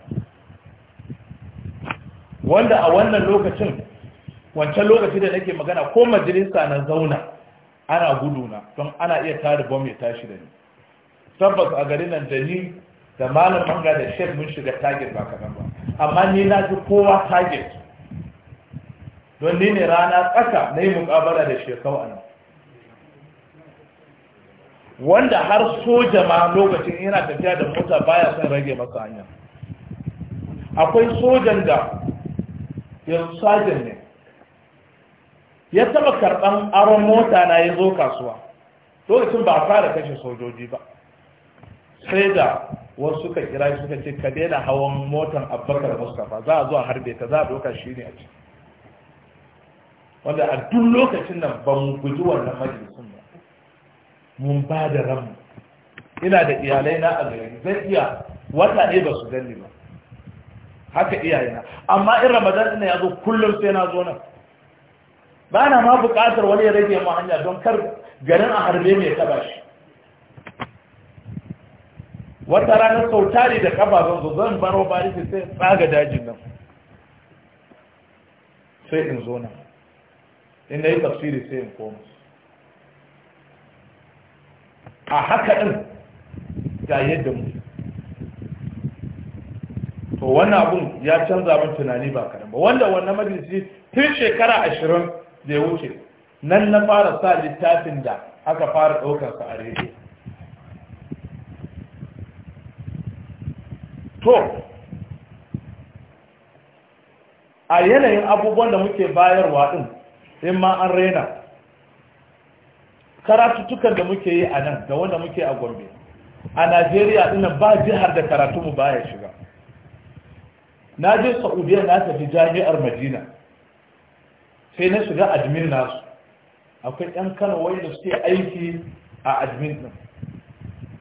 wanda a wannan lokacin wancan lokacin da nake magana ko majalisa na zauna ana guduna don ana iya tare bom ya tashi da ni tabbas a garin nan da ni da malam manga da shek mun shiga target ba kaɗan ba amma ni na ji kowa target don ni ne rana tsaka na yi mukabara da shekau a nan wanda har soja ma lokacin yana tafiya da mota baya son rage masa hanya akwai sojan da yanzu sajan ne ya taba karban aron mota na ya zo kasuwa lokacin ba a fara kashe sojoji ba sai da wasu suka kira suka ce ka daina hawan motan abbakar mustapha za a zo a harbe ka za a ɗauka shi ne a ci wanda a duk lokacin nan ba mu guji wannan majalisun ba mun ba da ranmu ina da iyalai na a gari zan iya wata ne ba su gani ba haka iyayena amma in ramadan ina ya zo kullum sai na zo nan ba na ma buƙatar wani ya rage mu hanya don kar garin a harbe mai taba shi wata ranar sau tari da zan zo zan baro bari su sai tsaga dajin nan sai in zo na, in na yi tafsiri sai in koma a haka ɗin ga yadda mu to wannan abun ya canza min tunani ba kaɗan ba wanda wannan majalisi tun shekara ashirin da wuce nan na fara sa littafin da aka fara ɗaukarsa a rediyo to a yanayin abubuwan da muke bayarwa ɗin in ma an rena karatuttukan da muke yi a nan da wanda muke a gombe a najeriya ɗinan ba jihar da karatunmu baya shiga na je saudiya na tafi jami'ar madina sai na shiga admin nasu akwai ɗan kano wanda suke aiki a admin ɗin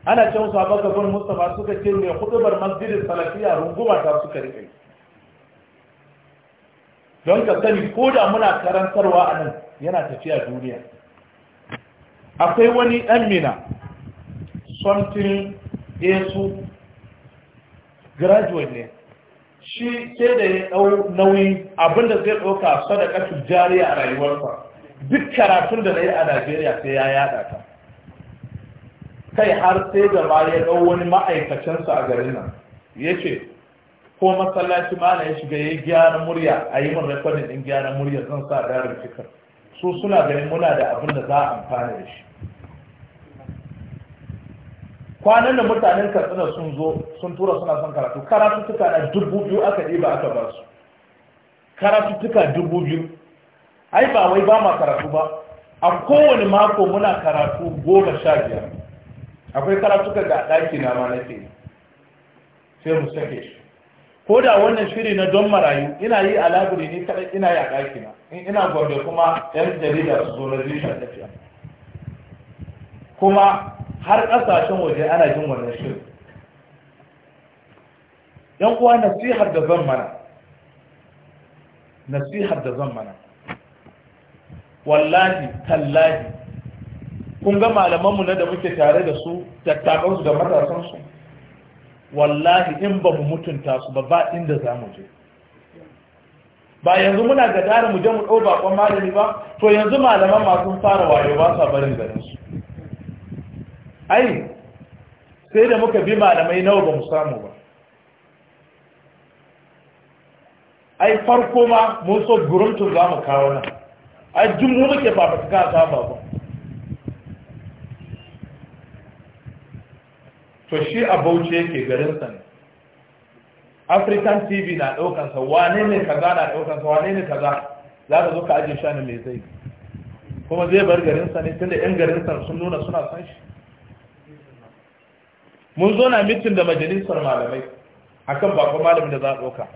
ana ce musu abaka mustapha suka ce mai hudubar masjidin salafiya runguma ta suka rike don ka sani ko da muna karantarwa a nan yana tafiya duniya akwai wani ɗan mina something esu graduate ne shi sai da ya ɗau nauyi abinda zai ɗauka sadaka jariya a rayuwarsa duk karatun da na yi a najeriya sai ya yada ta kai har sai da ma ya ɗau wani ma'aikacinsa a garin nan ya ce ko masallaci mana ya shiga ya gyara murya a yi min rekodin ɗin gyara murya zan sa darin fikar su suna ganin muna da abin da za a amfana da shi kwanan da mutanen katsina sun zo sun tura suna son karatu tuka na dubu biyu aka ɗiba aka ba su tuka dubu biyu ai ba wai ba ma karatu ba a kowane mako muna karatu goma sha biyar akwai karatuka ga ɗaki na ma nake sai mu sake shi ko da wannan shiri na don marayu ina yi a labiri ne kaɗai ina yi a ɗaki na in ina gombe kuma yan jarida su zo na zisha tafiya kuma har ƙasashen waje ana jin wannan shirin yan kuwa nasihar da zan mana nasihar da zan mana wallahi tallahi kun ga malamanmu na da muke tare da su su da su wallahi in ba mu mutunta su ba ba inda za mu je ba yanzu muna ga mu je mu ɗau bakon malami ba to yanzu malaman masu fara wayo ba sa barin su. ai sai da muka bi malamai nawa ba mu samu ba ai farko ma mun so gurumtun za mu kawo nan ai mu muke fafatuka a saba ba to shi a bauchi yake garin sa ne african tv na daukansa wane ne kaza na daukansa wane ne kaza za ka zo ka ajiye shani mai zai kuma zai bar garinsa ne tunda yan garinsa sun nuna suna san shi mun zo na mitin da majalisar malamai akan bakon malamin da za a ɗauka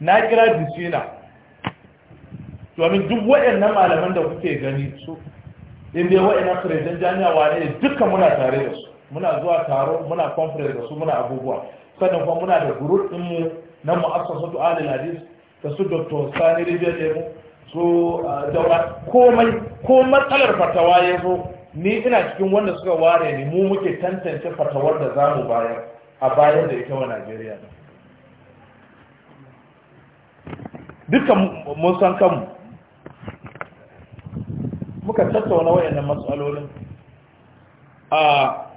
na kira disina domin duk waɗannan malaman da kuke gani su inda ya waɗannan firajen jami'a wane ne dukkan muna tare da su muna zuwa taro muna conference da su muna abubuwa sannan kuma muna da group ɗinmu na su alil hadis da su dr sani rijiyar su ah, daura komai ko matsalar fatawa ya zo ni ina cikin wanda suka ware ni mu muke tantance fatawar da za mu bayar a bayar da ita wa najeriya dukkan mun san kanmu muka tattauna wayannan matsalolin a ah,